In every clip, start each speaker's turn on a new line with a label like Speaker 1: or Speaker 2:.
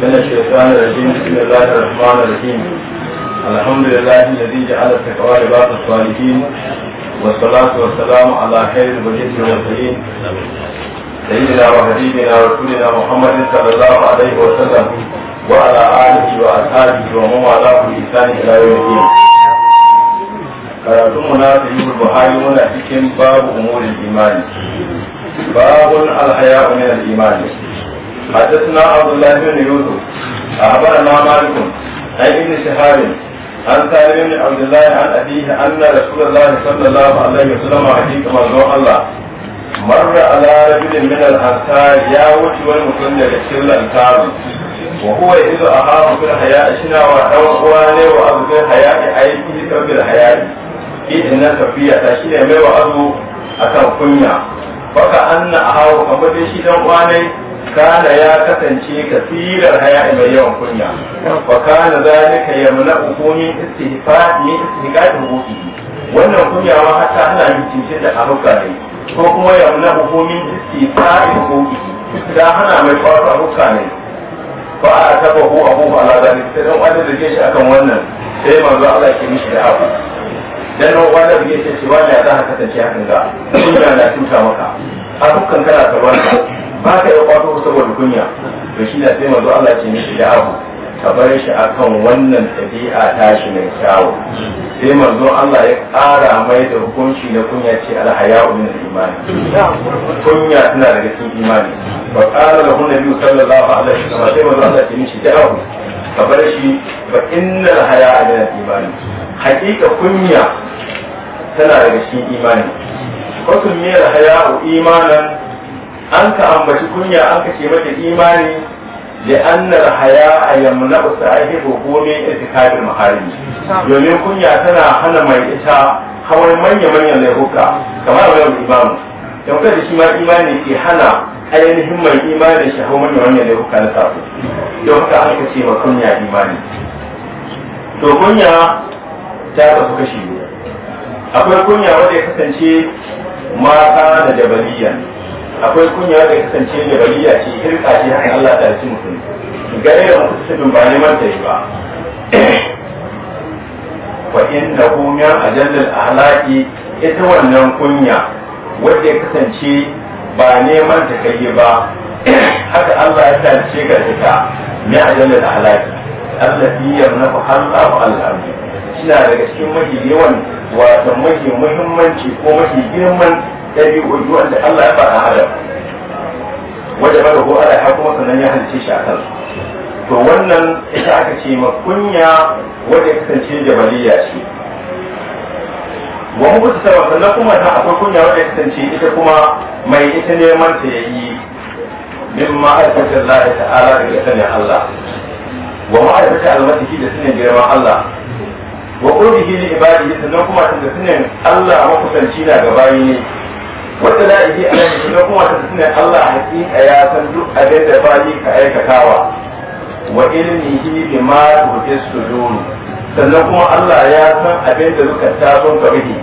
Speaker 1: من الشيطان الرجيم بسم الله الرحمن الرحيم الحمد لله الذي جعل التقوى لباس الصالحين والصلاة والسلام على خير البريد المرسلين سيدنا وحبيبنا ورسولنا محمد صلى الله عليه وسلم وعلى آله وأصحابه ومن والاه بإحسان إلى يوم الدين karatunmu na sayi buhari muna cikin babu umurin imani babun alhaya min al-imani حدثنا عبد الله بن يوسف أخبرنا مالك عن ابن شهاب عن سالم بن عبد الله عن أبيه أن رسول الله صلى الله عليه وسلم حديث مرضو الله مر على رجل من الأنصار يا وجه والمسلم يكسر الأنصار وهو يجد أخاه في الحياة شنا وأخوانه وأبو في الحياة أيديه سبب الحياة إذن سفية تشير مي وأبو أكن كنيا فكأن أخاه كمبتشي دمواني kana ya kasance kasirar haya mai yawan kunya fa kana zalika yamna ukumi istihfa ni istihqat hukuki wannan kunya ma hatta ana yin cince da abuka ne ko kuma yamna ukumi istihfa hukuki da hana mai fara abuka ne fa a taba hu الله ala zalika sai dan wanda da shi akan wannan sai manzo Allah ke mishi da abu wanda da shi ka kasance hakan ga kunya na tuta maka a kala kana karban ba ka yi kwato saboda kunya to shi na sai manzo Allah ce mishi da abu ka bar shi akan wannan tabi'a tashi mai kyawu sai manzo Allah ya ƙara mai da hukunci na kunya ce alhaya'u min imani kunya tana daga cikin imani ba wa qala lahu nabiyyu sallallahu alaihi wasallam sai manzo Allah ce mishi da abu ka bar shi fa innal haya'a min imani hakika kunya tana daga cikin imani wasu miyar haya'u imanan an ka ambaci kunya an ka ce mata imani da annar haya a yamna usa ake ko min itikadin maharimi domin kunya tana hana mai ita hawar manya-manyan laifuka kamar wani imamu yankar da shi ma imani ke hana ainihin mai imani shi hau manya-manyan laifuka na safi don kuka an ka ce ma kunya imani to kunya ta kasu kashi akwai kunya wanda ya kasance mata da jabaliyan akwai kunya da kasance da bariya ce hirka ce haka Allah ta ci mutum ga irin mutum ba neman ta yi ba wa inna hu a ajallil ahlaki ita wannan kunya wanda ya kasance ba neman ta kai ba haka Allah ya ce ga ne a ajallil ahlaki allati yamnahu halqahu al-ard shi daga cikin mafi yawan wato mafi muhimmanci ko mafi girman ɗabi'o'i wanda Allah ya faɗa adam wanda ba da ko Allah ya kuma sannan ya halice shi a kansu to wannan ita aka ce ma kunya wanda ya kasance jabaliya ce wa mu ta sama sannan kuma ta akwai kunya wanda ya kasance ita kuma mai ita neman ta ya yi min ma'aikata Allah ta'ala daga sanin Allah wa ma'aikata almasihi da sanin girman Allah wa qurbihi li ibadi sannan kuma da sanin Allah makusanci na gabayi ne wanda a yi a yanzu na kuma ta suna Allah hakika ya san duk abin da yi ka aikatawa wa ilmihi bi ma tuhdis sudur sannan kuma Allah ya san abin da suka ta sun kabihi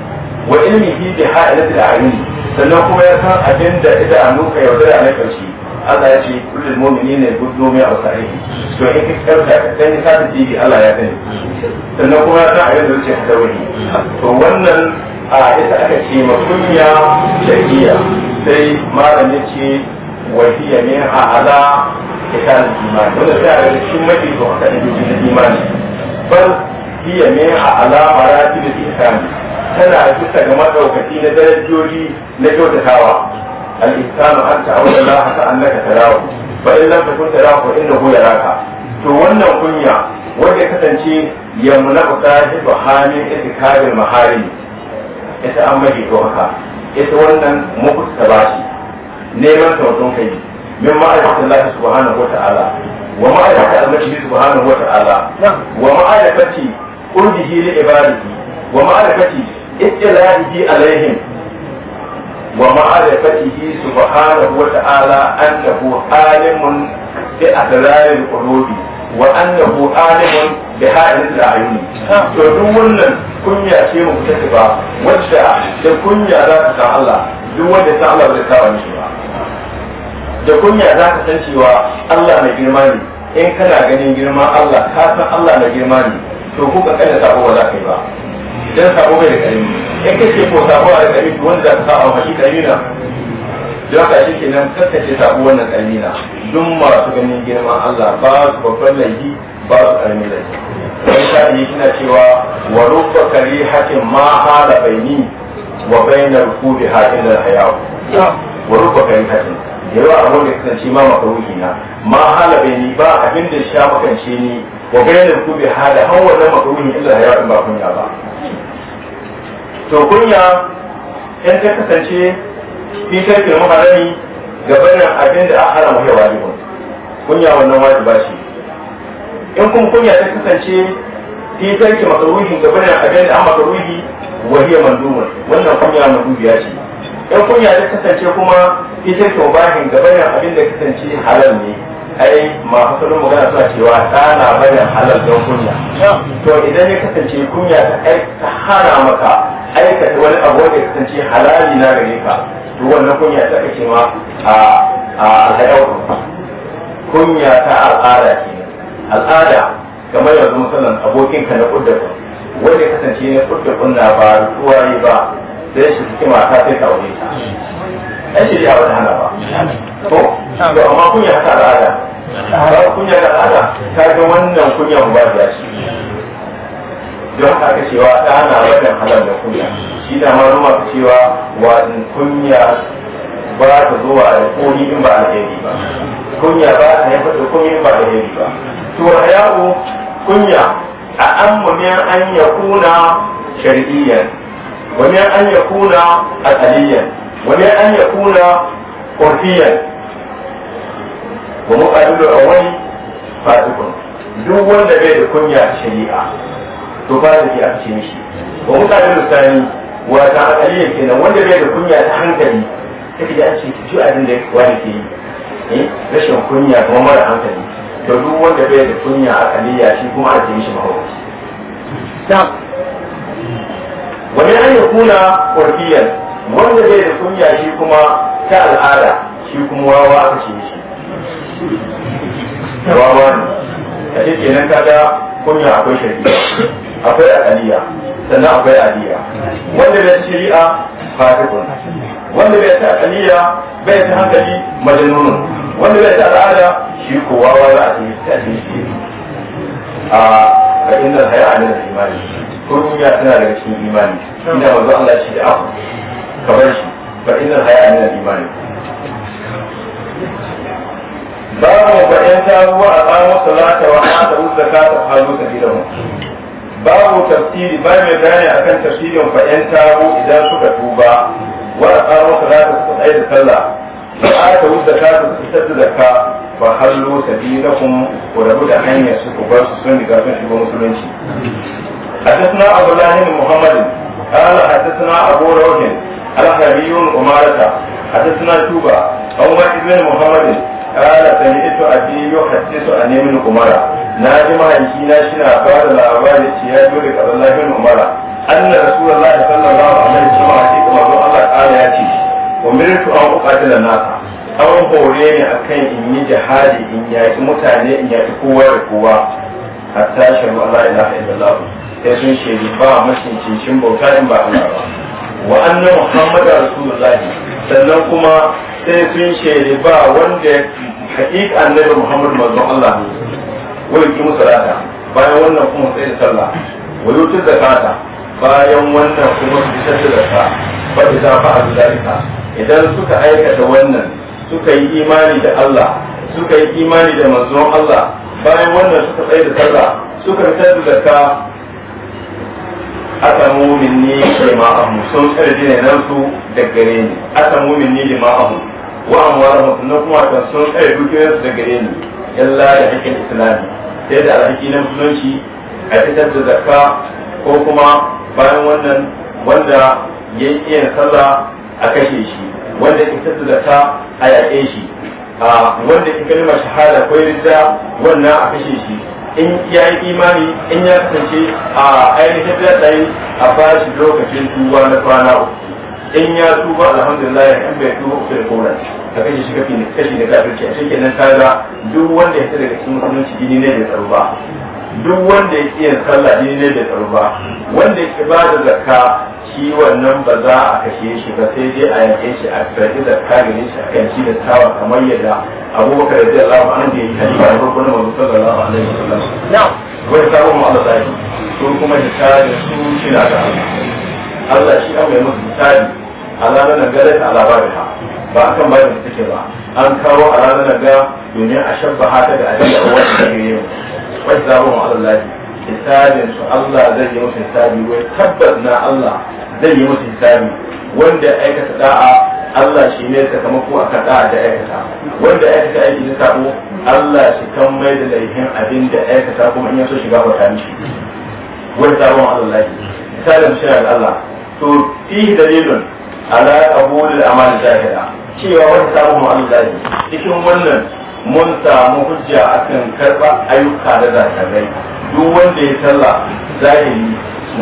Speaker 1: wa ilmihi bi ha'ilati al-ayun sannan kuma ya san abin da idanu ka yaudara na karshe Allah ya ce kullum mu'mini ne gudu mai ausa'ihi to in ka karka ka sani ka ji Allah ya sani sannan kuma ya san abin da suke ta wani to wannan a ita aka ce ma makunya shakiya sai malam ya ce wahiya min a ala kitabul imani wanda sai a ga cikin mafi zuwa kan da imani bal hiya min a ala maratib al-ihsan tana bisa ga madaukaki na darajoji na kyautatawa al-ihsan an ta'awwala Allah ta annaka tarawu fa in lam takun tarawu innahu yaraka to wannan kunya wanda kasance yamma na yamna ka hibu hamin itikabil maharimi ita an maji to haka ita wannan mukus ta bashi neman tauton kai min ma'aikata Allah subhanahu wata'ala wa ma'aikata al-majlis subhanahu wata'ala wa ma'aikati qurbihi li ibadihi wa ma'aikati ittila'ihi alaihim wa ma'arifatihi subhanahu wa ta'ala annahu alimun bi asraril qulubi wa annahu alimun bi hadin al-ayun to duk wannan kunya ce mu take ba wacce da kunya za ta san Allah duk wanda san Allah zai kawo ni ba da kunya za ka san cewa Allah mai girma ne in kana ganin girma Allah ka san Allah mai girma ne to ko ka kalla sabo ba za ka yi ba dan sabo bai da kai in ka ce ko sabo da kai wanda za ka sa a mashi kai na don ka shi kenan kakkace sabo wannan kai na duk masu ganin girman Allah ba su babban laifi ba su ƙarami laifi wani yi kina cewa wa rufa kari hakin ma hala baini wa bainar da hakin da hayawu wa rufa kari hakin yawa abin da kasance ma makaruhi na ma hala baini ba abin da sha makance ni wa bainar da hala har wannan makaruhi illa hayawu ba kunya ba to kunya in ta kasance fitar girman harami gabanin abin da aka ya kai wajibin kunya wannan wajiba ce in kuma kunya ta kasance fi tarki makaruhi gabanin abin da an makaruhi wahiyar mandumun wannan kunya mandubiya ce in kunya ta kasance kuma fi tarki mubahin gabanin abin da kasance halal ne ai ma hasalin magana suna cewa tana barin halal don kunya to idan ya kasance kunya ta aikata harama maka aikata wani abu da kasance halali na gare ka wannan kunya ta kace ma a al'adar kunya ta al'ada ce al'ada kamar yanzu musallan abokin ka na kuddakun wanda kasance ne kuddakun kunna ba ruwaye ba sai shi suke mata sai ta aure ta ai shi ya wata hana ba to to amma kunya ta al'ada kunya ta al'ada ta ga wannan kunya ba da shi don haka cewa ta ana wajen halar da kunya shi da maruma ta cewa wa kunya ba ta zuwa a komi in ba alheri ba kunya ba ta yi fata komi in ba alheri ba to a yawo kunya a an mumin an ya kuna shari'iyyar wani an ya kuna al'aliyyan wani an ya kuna mu wa da awwali fasikun duk wanda bai da kunya shari'a to ba da ke aka ce mishi wa mutane da sani wa ta aliyya kenan wanda bai da kunya ta hankali take da an ce ki ji abin da da ke yi eh, rashin kunya kuma mara hankali to duk wanda bai da kunya a aliyya shi kuma a ce mishi mahaukaci wani an yi kuna kurfiyan wanda bai da kunya shi kuma ta al'ada shi kuma wawa aka ce mishi wawa ne a ce kenan kaga kunya akwai shari'a akwai al'aliya sannan akwai aliya wanda bai shari'a fasikun wanda bai ta al'aliya bai ta hankali majanunun wanda bai ta al'ada shi kowa wani a cikin ta cikin a ga inda haya a nan imani ko duniya tana daga cikin imani ina wanzu Allah shi da abu kamar shi ba inda haya a nan imani babu bayan taru a tsamu salata wa ta wuce ka ta halu ta mu. babu tafsiri ba mai bayani akan tafsirin bayan taru idan suka tuba wa a tsamu salata suka tsaye da sallah wa ta wuce ka ta fitar da zakka fa halu ta gidan ku rabu da hanyar su ku bar su sun riga sun shiga musulunci a حدثنا عبد الله بن محمد قال حدثنا ابو روح الحربي عمارة حدثنا شوبة أو بن محمد kala sami'tu abi yuhaddisu a neman umara na ji mahaifi na shi na ba da labari ce ya jure ga Allah ibn umara anna rasulullahi sallallahu alaihi wasallam hakika manzo Allah kala ya ce umirtu an da nasa an hore ni akan in yi jihadi in yaki mutane in yaki kowa da kowa hatta shahadu Allah ilaha illallah sai sun shaidu ba mashin cincin bauta in ba Allah ba wa'annan anna muhammadu rasulullahi sannan kuma sai sun shaidi ba wanda ya haƙiƙa annabi muhammadu manzon Allah wa yuqimu salata bayan wannan kuma sai sallah wa yutu zakata bayan wannan kuma su fitar da zakka fa idza fa'alu zalika idan suka aikata wannan suka yi imani da Allah suka yi imani da manzon Allah bayan wannan suka tsaye da sallah suka fitar da zakka asamu minni jima'ahum sun ne nan su daga gare ni asamu minni jima'ahum wa amwarahum sun kuma ta sun tsare duke su daga gare ni yalla da hakkin islami sai da alhaki na musulunci a fitar da zakka ko kuma bayan wannan wanda ya yi iya sallah a kashe shi wanda ya fitar da zakka a yaƙe shi wanda ya kalmar shahada ko yadda wannan a kashe shi in ya yi imani in ya kasance a ainihin da tsaye a bashi lokacin tuwa na kwana uku in ya tuba alhamdulillah kan bai uku da kona ka kashe shi kafi kashi da kafirci a cikin nan kaga duk wanda ya tsaya daga cikin musulunci jini ne bai tsaro ba duk wanda ya iya sallah jini ne bai tsaro ba wanda ya ba da zakka shi nan ba za a kashe shi ba sai dai a yanke shi a karfi da kagare shi a kan shi da tawa kamar yadda abubakar da Allah ba an da yi halifa da farko na wani sabon mu Allah zai kuma su shi na ga Allah shi an mai musu hisabi na da ha ba a bayan da take ba an kawo alama na ga domin a shabba hata da da yi sabon mu Allah zai hisabin su Allah zai yi masa hisabi wai tabbas na Allah zai yi masa hisabi wanda aikata da'a Allah shi ne sakamako a da'a da aikata wanda aikata aiki na sabo Allah shi kan mai da laihin abin da aikata kuma in ya so shiga wata mishi wani sabon Allah misalin shi da Allah to fi dalilun ala qabul al-amal zahira cewa wani sabon Allah cikin wannan mun samu hujja akan karba ayyuka da zakarai duk wanda ya sallah zahiri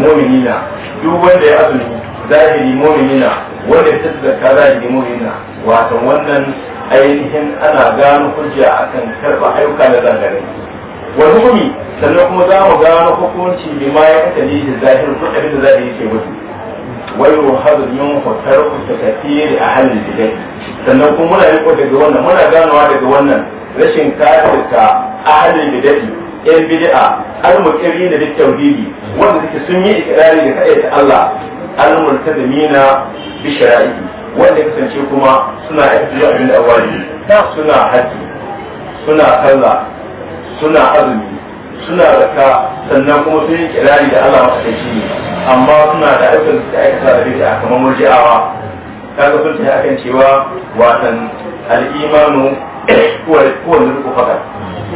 Speaker 1: mu'minina duk wanda ya azumi zahiri mu'minina wanda ya zaka zahiri mu'minina wato wannan ainihin ana gano hujja akan karba ayyuka da zakarai Wani hukumi sannan kuma za mu gano hukunci bi ma ya kasance zahiri ko abin da zahiri ke wasu ويؤخذ منه ترك a أهل البدع sannan kuma muna riko daga wannan muna ganowa daga wannan rashin kafirta ahalin bid'i yan bid'a al-muqirri da tauhidi wanda suke sun yi ikrari da kaɗai ta Allah al-multazimina bi shara'i wanda kasance kuma suna aiki da abin da awali suna haji suna sallah suna azumi suna zakka sannan kuma sun yi ikrari da Allah makaɗaici ne amma suna da aikin da aikata da bid'a kamar murji'awa kaga sun tafi akan cewa watan al-imanu huwa huwa nurku fakat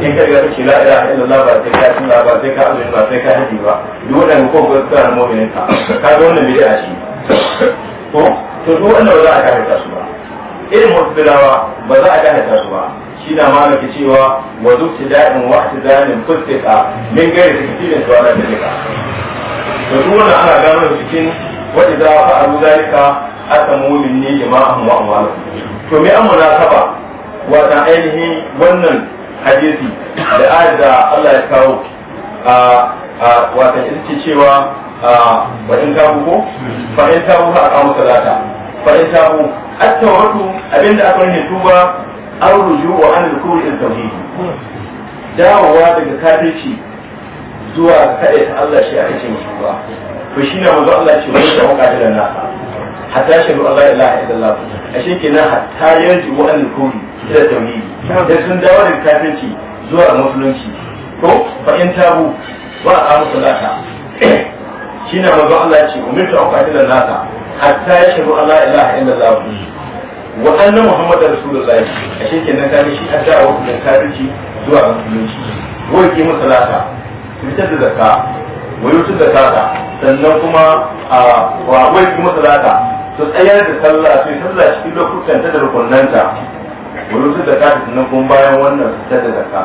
Speaker 1: in ka ga ce la ilaha illallah ba sai ka tuna ba sai ka azumi ba sai ka haji ba duk wannan ko ko ka na mu'minin ka kaga wannan bid'a ce to to duk wannan ba za a kare su ba irin mu'tazilawa ba za a kare su ba shi na ma nake cewa wa zubtida'in wa ihtidalin fustika min gairi takfirin su ala dalika to duk wannan ana gano cikin wa a fa'alu zalika asamu minni jama'ahum wa amwalahum to me an munasaba wata ainihin wannan hadisi da ayat da Allah ya kawo a wata ita ce cewa wa in tabu ko fa in tabu ha aqamu salata fa in tabu at-tawbatu abinda aka ne tuba an ruju wa an al-kufri al-tauhid dawowa daga kafirci zuwa kaɗai ta Allah shi ake ce mishi ba to shi na manzo Allah ce wani da waka da nasa hatta shi Allah ya ilaha illallah a shi kenan hatta yarji wa'an kuri da tauhidi da sun dawo da kafirci zuwa musulunci ko fa in tabu ba a musulata shi na manzo Allah ce umirtu an qatila nasa hatta yashhadu an la ilaha illallah wa anna muhammadar rasulullahi a shi kenan kafi shi a wa kafirci zuwa musulunci ko ki musulata fitar da zakka wai wucin zakata sannan kuma a wai kuma salata su tsayar da sallah su yi sallah cikin lokutan ta da rukunanta wai wucin zakata sannan kuma bayan wannan su fitar da zakka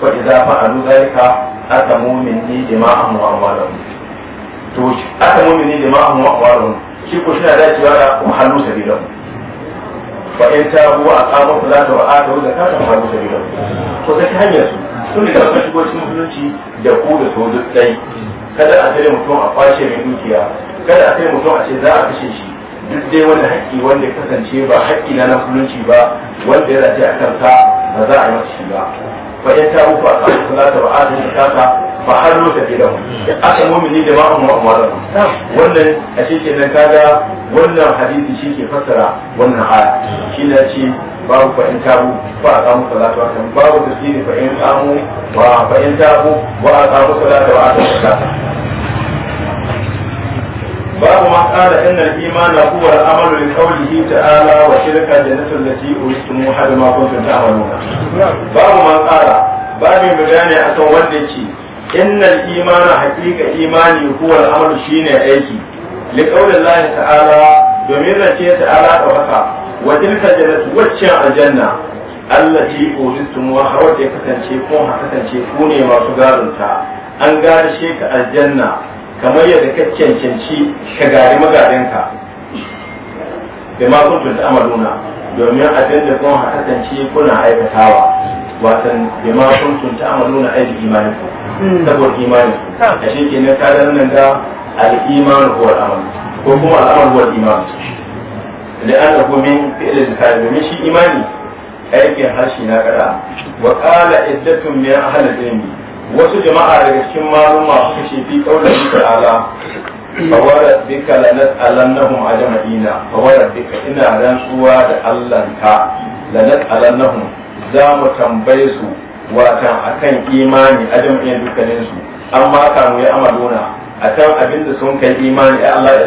Speaker 1: fa idza fa'alu zalika atamu minni jama'an wa amwalan to atamu minni jama'an wa amwalan shi ko shi na dacewa da muhallu sabilan fa in tabu wa aqamu salata wa atu zakata fa muhallu sabilan to sai hanyar su sun da suka shigo cikin musulunci da ku da su duk tsayi kada a tare mutum a kwashe mai dukiya kada a tare mutum a ce za a kashe shi duk dai wani haƙƙi wanda kasance ba haƙƙi na na musulunci ba wanda ya race a kansa ba za a yi masa shi ba fa ya ta ufa a kan ta ba a ta yi kasa ba har lota ke da kan aka mumini da ma'an ma'amara wannan a shi ke nan kaga wannan hadisi shi ke fassara wannan aya shi ne ce babu fa in tabu fa aqamu salata wa aqamu babu tasbihi fa in qamu wa fa in tabu wa aqamu salata wa aqamu babu ma qala inna al-iman huwa al-amalu li qawlihi ta'ala wa tilka jannatu allati uristumuha bima kuntum ta'maluna babu ma qala babu bayani akan wanda ce innal imana haqiqa imani huwa al-amalu shine aiki li qawli Allah ta'ala domin rance ta'ala da waka wa tilka jannatu wacce aljanna allati uristum wa hawaje kasance ko ha kasance ku ne masu garunta an garishe ka aljanna kamar yadda ka cancanci ka gari magadanka da ma kuntum domin abin da kun ha kasance kuna aikatawa watan da ma kuntum aiki imaninku hmm. saboda imaninku a shi kenan kadan nan da ko kuma iman لأنه من فعل الفعل من شيء إيماني aikin harshe na kada wa qala iddatun min ahli ilmi wasu jama'a daga cikin maluma suka ce fi qaulin ta'ala fawara bika lanat alannahum ajma'ina fawara bika ina rantsuwa da Allah ka lanat alannahum za mu tambaye su watan akan imani ajma'in dukkanin su amma kanu ya amaluna akan abin da sun kai imani ya Allah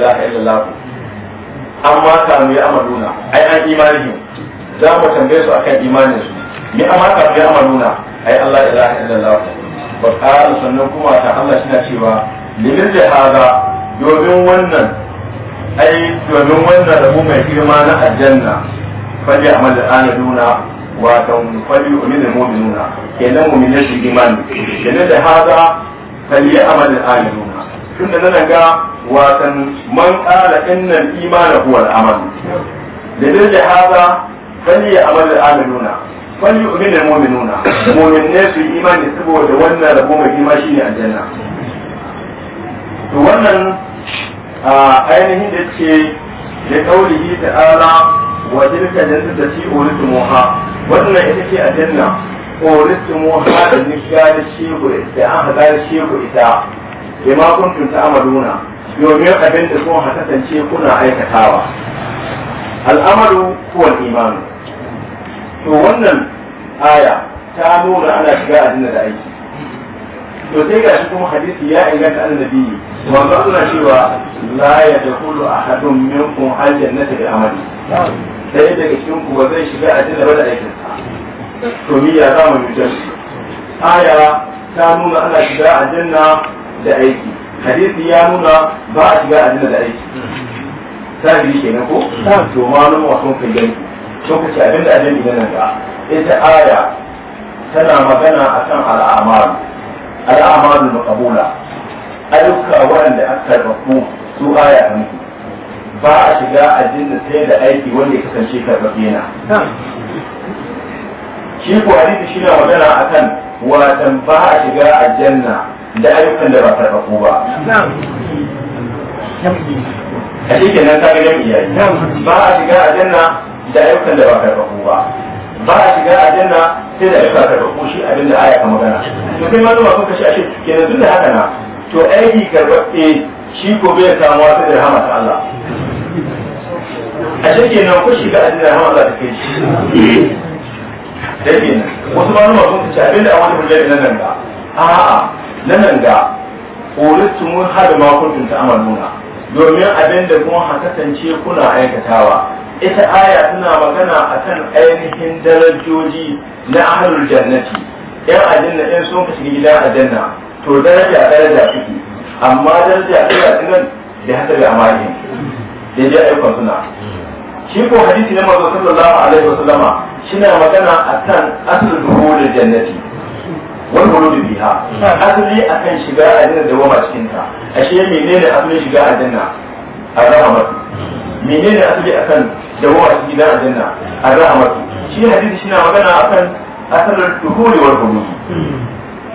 Speaker 1: amma mu ya amaluna ai an imanihim za mu tambaye su akan imanin su mi amma kanu ya amaluna ai Allah ya ilaha illallah wa qala sannan kuma ta Allah shi na cewa limin da haza domin wannan ai domin wannan da mu mai girma na aljanna faji amal da anaduna wato faji umin da mu'minuna kenan mu'minin su imani kenan da haza fali amal da anaduna tunda nan ga watan man qala inna al-imana huwa al-amal dalil da hada fali amal al-amiluna fali yu'min al-mu'minuna mu'min ne su imani saboda wannan rabo mai kima shine aljanna to wannan ainihin da ce da kaulihi ta'ala wa tilka jannatu fi uritumuha wannan ita ce aljanna uritumuha da nishiya da da an ita bima domin abin da sun ha kasance kuna aikatawa al'amaru kuwan imanu to wannan aya ta nuna ana shiga addini da aiki to sai ga shi kuma hadisi ya inganta annabi manzo Allah cewa la yadkhulu ahadun minkum aljannata bi amali sai daga cikin ku ba zai shiga addini ba da aikin sa to ni ya zama mutum aya ta nuna ana shiga aljanna da aiki hadisi ya nuna ba a shiga aljanna da aiki sabiri na ko to malum wa sun kai gani lokaci abin da ajin idan ga ita aya tana magana akan al'amalu al'amalu maqbula ayyuka wanda aka karbaku su aya hanku ba a shiga aljanna sai da aiki wanda ya kasance karbabe na shi ko hadisi shi na magana akan watan ba a shiga aljanna da ayyukan da ba ta rabu ba a cikin nan ta ga jam'iyya ba a shiga aljanna da ayyukan da ba ta rabu ba ba a shiga aljanna sai da ayyuka ta rabu shi abin da aya ka magana to sai ma zuwa kun a ashe kenan tun da haka na to aiki karɓaɓɓe shi ko bai samu wata da rahama ta Allah ashe nan ku shiga aljanna da rahama Allah ta kai shi dai kenan wasu ma zuwa kun kashi abin da a wani hujjar nan nan da a'a na nan ga ƙoritu mun hada makuntun ta nuna domin abin da kuma hakatance kuna aikatawa ita aya tana magana a kan ainihin darajoji na ahlul jannati yan ajinna yan sun ka shiga gidan aljanna to daraja daraja suke amma daraja daraja cikin da haka da amali da ya aikon suna shi ko hadisi na manzo sallallahu alaihi shi na magana a akan asul da jannati wani wani da biha asali kan shiga a aljanna da goma cikin ta ne menene asalin shiga a a aljanna arhamatu menene asali kan da goma cikin a gidan aljanna arhamatu shi hadisi shi na magana akan asalar duhuri wal hululi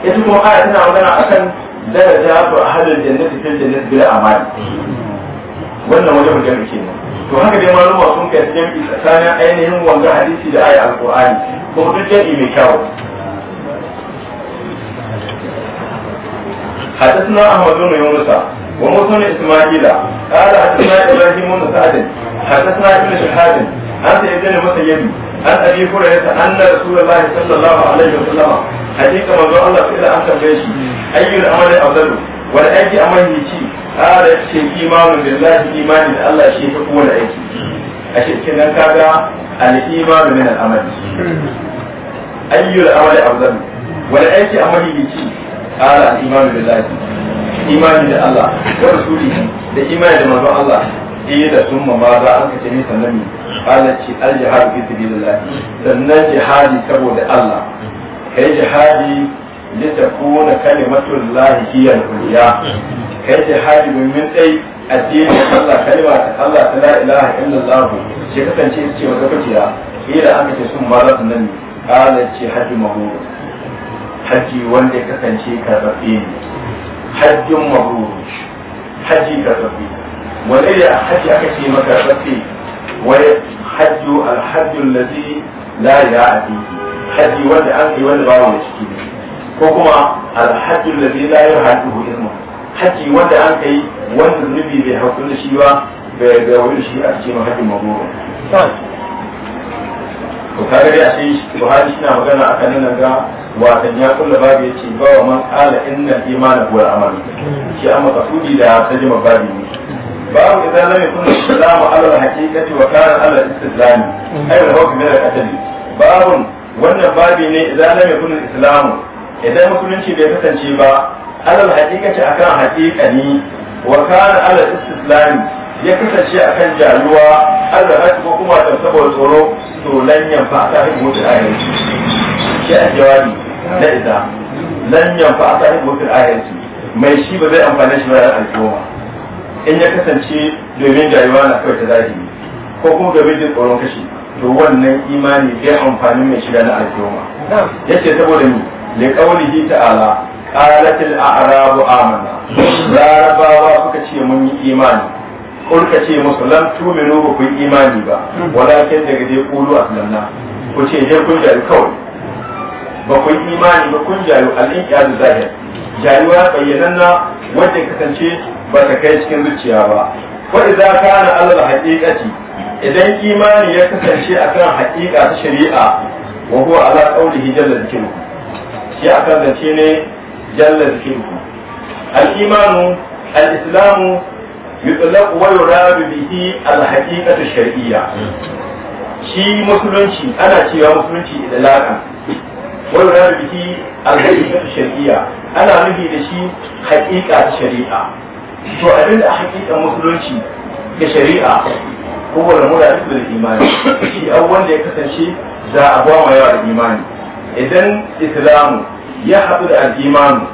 Speaker 1: ita kuma aya tana magana a akan daraja ba ahlul jannati fil jannati bil amal wannan wajen mutum nan. to haka dai malama sun kai jami'i tsakanin ainihin wanga hadisi da aya alqur'ani ko duk jami'i mai kyau حدثنا احمد بن يونس ومسلم اسماعيل قال حدثنا ابراهيم بن سعد حدثنا ابن شهاب عن سعيد بن المسيب عن ابي هريره ان رسول الله صلى الله عليه وسلم حديث ما زال الله الى ان تبيش اي العمل افضل والايدي عمل يجي قال شيء ايمان بالله ايمان الله شيء فقوه الايدي ashe kenan kaga al-imanu min al-amali ayyul amali afdalu wani aiki a mahimmanci ƙara imanu da lafi imani da Allah wa rasuli da imani da manzon Allah eh da sun ba an kace ni al fi sabilillah jihadi saboda Allah kai jihadi kalimatul lahi hiya kai jihadi min addini Allah kalima ta Allah la ilaha shi kasance ce wa gabaciya kila an kace sun haji wanda ya kasance karfafe ne hajjin mabrur haji karfafe wanda ya haji aka ce maka karfafe wai hajju alhajju allazi la ilaha fihi haji wanda an yi wanda babu ciki ne ko kuma alhajju allazi la yuhadduhu ilmu haji wanda an kai wanda zunubi bai hakuri shi ba bai ga wani shi a cikin hajjin mabrur ko kare dai a cikin shi na magana akan nan ga watan ya kulla babu ya ce ba wa man kala innal imana huwa al-amal shi amma kasudi da tajma babu ne babu idan lam yakun al-islam ala al-haqiqati wa kana ala al-istidlal ay al-hukm min babu wannan babu ne idan lam yakun al-islam idan musulunci bai kasance ba ala al-haqiqati akan haqiqani wa kana ala al-istidlal ya kasance akan jaruwa Allah ya kuma kuma saboda tsoro to lanyan fa ta hikimu da ayyuka shi a jawabi na ita lan yanfa sahibu fil ayati mai shi ba zai amfane shi ba da al'umma in ya kasance domin rayuwa na kawai ta zahiri ko kuma domin jin tsoron kashi to wannan imani bai amfani mai shi shiga na al'umma ce saboda ni li qawlihi ta'ala qalatil a'rabu amanna larabawa suka ce mun yi imani kurka ce musu lam tuminu ba ku yi imani ba walakin daga dai ulu aslamna ku ce je kun jari kawai ba ku imani ba kun jayu al-inqiyadu zahir jayuwa bayyananna wanda kasance ba ta kai cikin zuciya ba wa idza kana Allah haqiqati idan imani ya kasance akan haqiqa ta shari'a wa huwa ala qawlihi jalla dhikru shi akan zance ne jalla dhikru al-imanu al-islamu yutlaq wa yurad bihi al-haqiqatu shar'iyya shi musulunci ana cewa musulunci idlaqan wani da shi alhaƙiƙa ta shari'a ana nufi da shi haƙiƙa ta shari'a to abin da haƙiƙa musulunci ga shari'a kowane mura da imani shi abubuwan wanda ya kasance za a ba yawa da imani idan islamu ya haɗu da al'imanu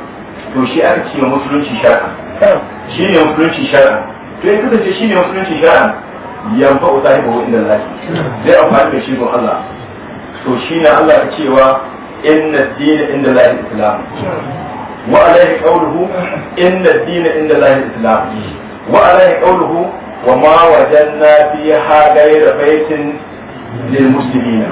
Speaker 1: to shi aka ce musulunci shari'a shi ne musulunci shari'a to ya kasance shi ne musulunci shara yamfa usahi ba wa'in da zai amfani da shi don Allah to shi na Allah cewa إن الدين عند الله الإسلام وعليه قوله إن الدين عند الله الإسلام وعليه قوله وما وجدنا فيها غير بيت للمسلمين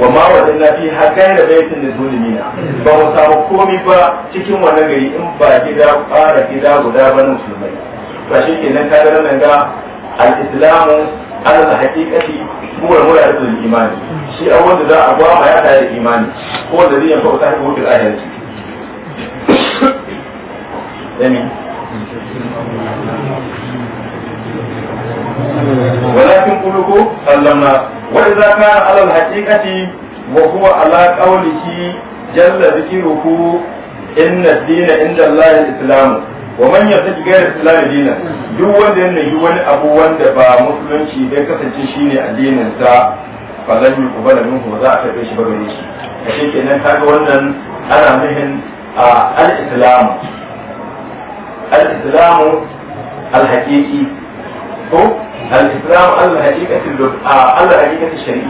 Speaker 1: وما وجدنا فيها غير بيت للمسلمين فهو samu با ba cikin wannan gari in ba gida fara gida guda ba na musulmai ba shi kenan kaga nan ga al-islamu هذا حقيقة هو مرأة الإيمان شيء أول ذا الإيمان هو الذي ينفع تحته في الآية ولكن قلوكو سلمنا وإذا كان على الحقيقة وهو على قوله جل ذكره إن الدين عند الله الإسلام wa man yarda gairar islam dinan duk wanda yana yi wani abu wanda ba musulunci bai kasance shine addinin sa fa zan yi kubala minhu ba za a karbe shi ba kashe kenan kaga wannan ana nuhin al-islam al-islam al-haqiqi ko al-islam al-haqiqati al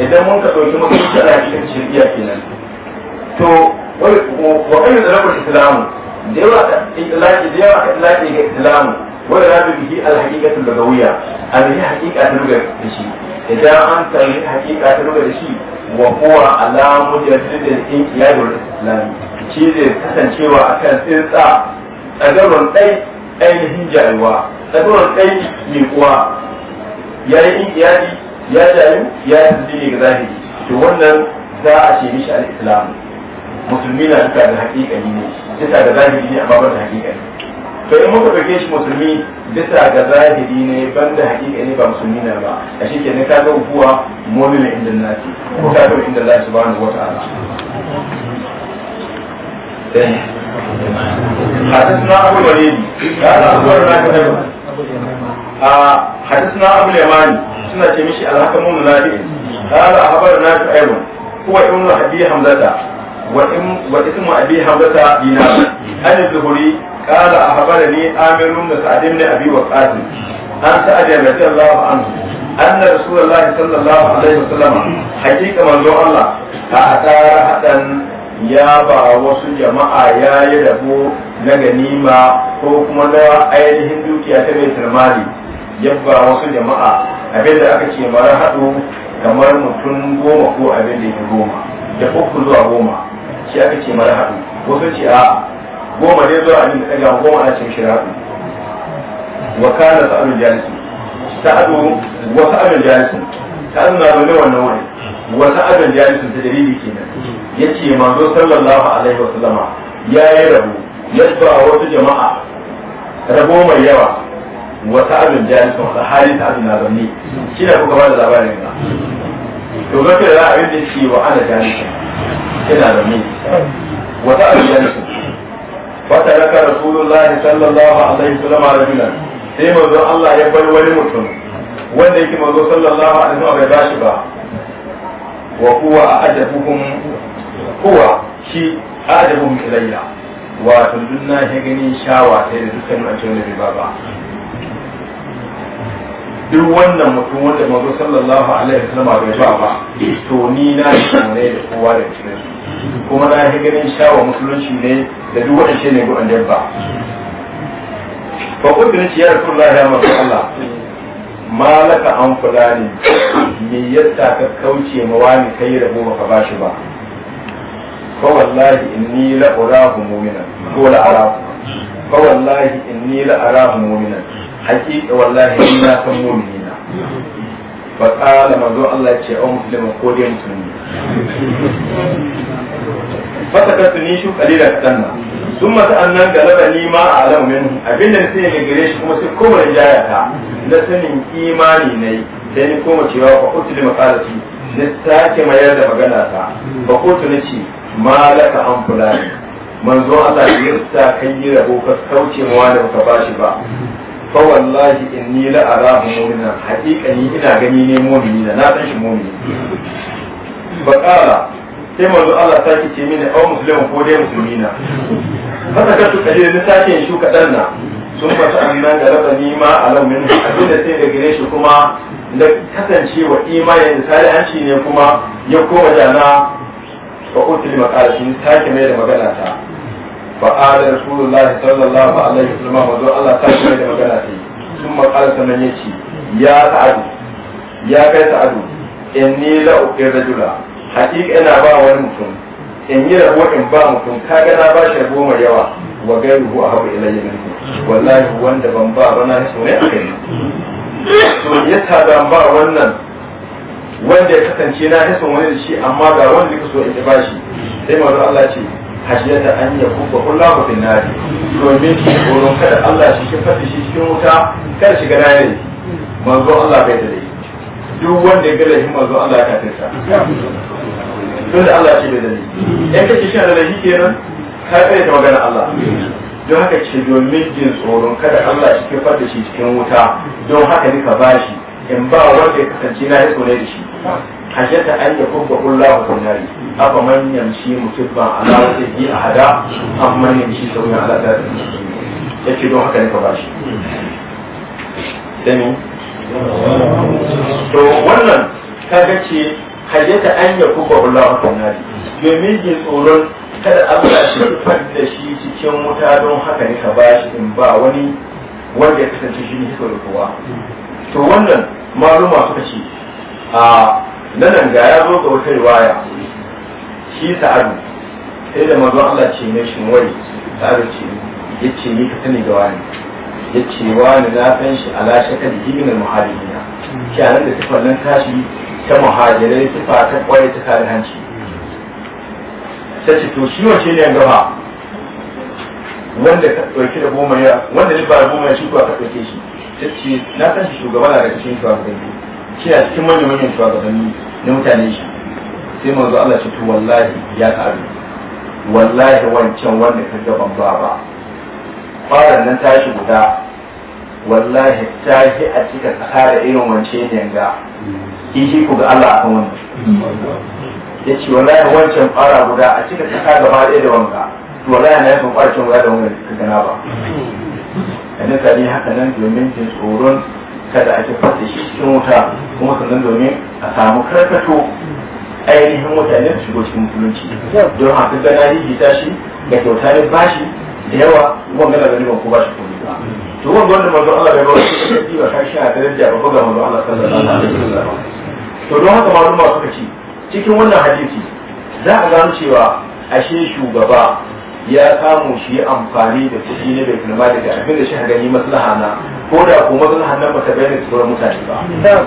Speaker 1: idan mun ka kenan to da yawa ka itlaqi da yawa ka itlaqi ga islamu wa rabi bihi daga wuya a an yi haqiqa ta lugar da shi idan an sami haqiqa ta lugar da shi wa kowa huwa alamu jaddidin inqiyadul islam shi zai kasancewa a kan tsintsa tsagaron ɗai ainihin jayuwa tsagaron ɗai mai kuwa ya yayi inqiyadi ya jayu ya yi ga zahiri to wannan za a ce mishi al musulmi na duka da hakikani ne bisa da zahiri ne amma ban da hakikani to in muka ɗauke shi musulmi bisa ga zahiri ne ban da hakikani ba musulmi na ba a shi kenan ka ga kuwa mu'minin inda nasi ko ka ga inda eh. Allah
Speaker 2: subhanahu wata'ala حدثنا أبو الوليد قال أخبرنا كتبه
Speaker 1: حدثنا أبو اليماني سنة قال أخبرنا هو ابن حمزة واسم أبي حمزة دينار عن الزهري قال أخبرني عامر بن سعد an أبي وقاص عن سعد رضي الله عنه أن رسول الله صلى الله عليه وسلم حقيقة من الله أعطى رحة ya ba wasu jama'a ya yi rabo na ganima ko kuma na ainihin dukiya ta mai turmali ya ba wasu jama'a abin da aka ce mara haɗu kamar mutum goma ko abin da ya goma da uku zuwa goma shi aka ce mara haɗu wasu ce a goma dai zuwa abin da ɗaga goma ana cin shi haɗu wa kana sa'adun jalisi sa'adu wa sa'adun jalisi sa'adun na zaune wannan wani wasu abin jalisi ta dalili kenan ya ce manzo sallallahu alaihi wa sallama ya yi rabu ya a wasu jama'a rabo mai yawa wa abin jalisi wa hali sa'adun na zaune shi da kuka ba da labarin ka to mafi da za a rinda ce wa ana jalisi kina da ni wa ta'ayyana wa taraka rasulullahi sallallahu alaihi wasallam rajulan sai mazo Allah ya bar wani mutum wanda yake mazo sallallahu alaihi wasallam bai bashi ba wa huwa ajabuhum huwa shi ajabuhum ilayya wato dunna ya gani shawa sai da dukkan an ce wani bai ba duk wannan mutum wanda mazo sallallahu alaihi wasallam bai ba ba to ni na shi ne da kowa da cikin kuma na yi ganin shawa musulunci ne da duk shi ne gudun dabba fa kudu ne ya rasu Allah ya masu Allah malaka an kula ne me yasa ka kauce ma wani kai rabo baka ba bashi ba fa wallahi inni la urahu mu'minan ko la arahu fa wallahi inni la arahu mu'minan haqiqa wallahi inna san mu'minina fa qala manzo Allah ya ce au muslimin ko dai musulmi fa takatu ni shu qalila tanna thumma ta'annan galaba ni ma a min abinda sai ne gare shi kuma sai koma ta na sanin imani ne sai ni koma cewa fa utul maqalati na sake mayar da magana ta fa kuntu nace malaka an fulani manzo Allah ya sa kan yi rabo ka kauce ma wanda baka bashi ba fa wallahi inni la arahu mu'mina haqiqani ina gani ne mu'mini na na san shi mu'mini fa qala sai manzo Allah ta ce mini au muslimu ko dai muslimina haka ka su kaje ne ta ce shu kadan na sun ba ta amina da raba ni ma alam min abinda sai da gare shi kuma da kasancewa imanin salihanci ne kuma ya koma jana fa utli maqalatin take mai da magana ta فقال رسول الله صلى الله عليه وسلم وزو الله تعالى da magana sai ثم قال sannan yace ya ta'adu ya kai ta'adu ni la ukir rajula haqiqa ina ba wani mutum in yi rabo in ba mutum kaga na ba shi rabo mai yawa wa gairuhu a haɓu ilayya minhu wallahi wanda ban ba ba na hisu ne a kai to yasa ban ba wannan wanda ya kasance na hisu wani da shi amma ga wanda ka so in ba shi sai manzo Allah ce hajjata an ya kuka ku fi nari domin shi tsoron kada Allah shi ke fadi shi cikin wuta kada shiga dare manzo Allah bai da laifi duk wanda ya ga shi manzo Allah ya kafirta tunda Allah shi bai da laifi in kace shi da laifi kenan ka tsare ta magana Allah don haka ce domin jin tsoron kada Allah shi ke fadi shi cikin wuta don haka ka bashi in ba wanda ya kasance na yi tsoron da shi خشيت أن يكب الله في النار أفمن يمشي مكبا على وجهه أحدا أم من يمشي سويا على ذات المسلمين yake don haka ne ka bashi dani to wannan kaga ce hajjata an ya kuka Allah wa nari domin jin tsoron kada Allah shi rufar da shi cikin wuta don haka ne ka bashi in ba wani wanda ya kasance shi ne suka kowa to wannan maluma suka ce a ah, nan ga ya zo ga wata riwaya shi sa'adu sai da mazo Allah ce ne shi wai sa'adu ce ya ce ni ka sani ga wani ya ce wani na san shi ala shakar himin muhajirina
Speaker 2: nan
Speaker 1: da sifar nan tashi ta muhajirai sifa ta kwaye ta kare hanci ta ce to shi wace ne gaba wanda ka ɗauki da goma ya wanda ne ba goma ya shi kuwa ka ɗauke shi ta ce na san shi shugaba na daga cikin shugabanni shi a cikin manyan manyan shugabanni na mutane shi sai manzo Allah ce to wallahi ya karu wallahi wancan wanda ka gaban ba ba fara nan tashi guda wallahi ta yi a cikin tsaka irin wance ne ga kishi ku ga Allah akan wannan ya ce wallahi wancan fara guda a cikin tsaka gaba ɗaya da wanka to wallahi na yakan fara cin guda da wanka ka gana ba a nan haka nan domin jin tsoron kada a kifar da shi cikin wuta kuma sannan domin a samu karkato ainihin mutane su shigo cikin musulunci don haka gana yi gita shi ga kyauta ne bashi da yawa gana na ganin ko bashi komai ba to wanda wanda manzo Allah bai bawa shi da shi ba kai shi a daraja ba ga manzo Allah sallallahu alaihi wasallam to don haka malum ba suka ci cikin wannan hadisi za a gano cewa ashe shugaba ya samu shi amfani da kuɗi ne bai kuma daga abin da shi gani maslaha na ko da ko maslaha na ba ta bayyana da mutane ba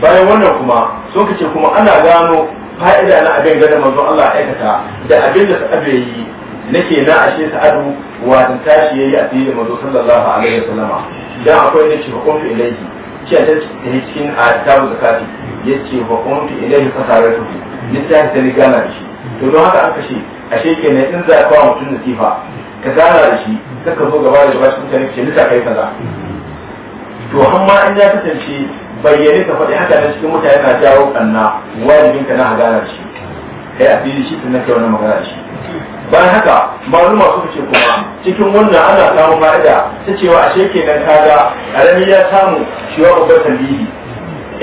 Speaker 1: bayan wannan kuma sun kace kuma ana gano fa'ida na abin gada manzon Allah aikata da abin da sahabe yi nake na ashe adu wa tashi yayi a cikin manzo sallallahu alaihi wasallama da akwai ne shi hukunta eh, ah, ilahi ce ta cikin adabu zakati yace hukunta ilayhi fataratu sai ta gana shi to don haka aka kashe ashe ne in za ka kawo mutum tifa ka gana da shi saka zo gaba da bashi mutane ce nisa kai kaza to amma in ya kasance bayyane ka faɗi haka nan cikin mutane na jawo kanna wajibin ka na hagana shi kai a fili shi tun nake wannan magana shi bayan haka maluma masu ce kuma cikin wannan ana samun fa'ida ta cewa ashe kenan kaga karami ya samu shi wa babbar tambihi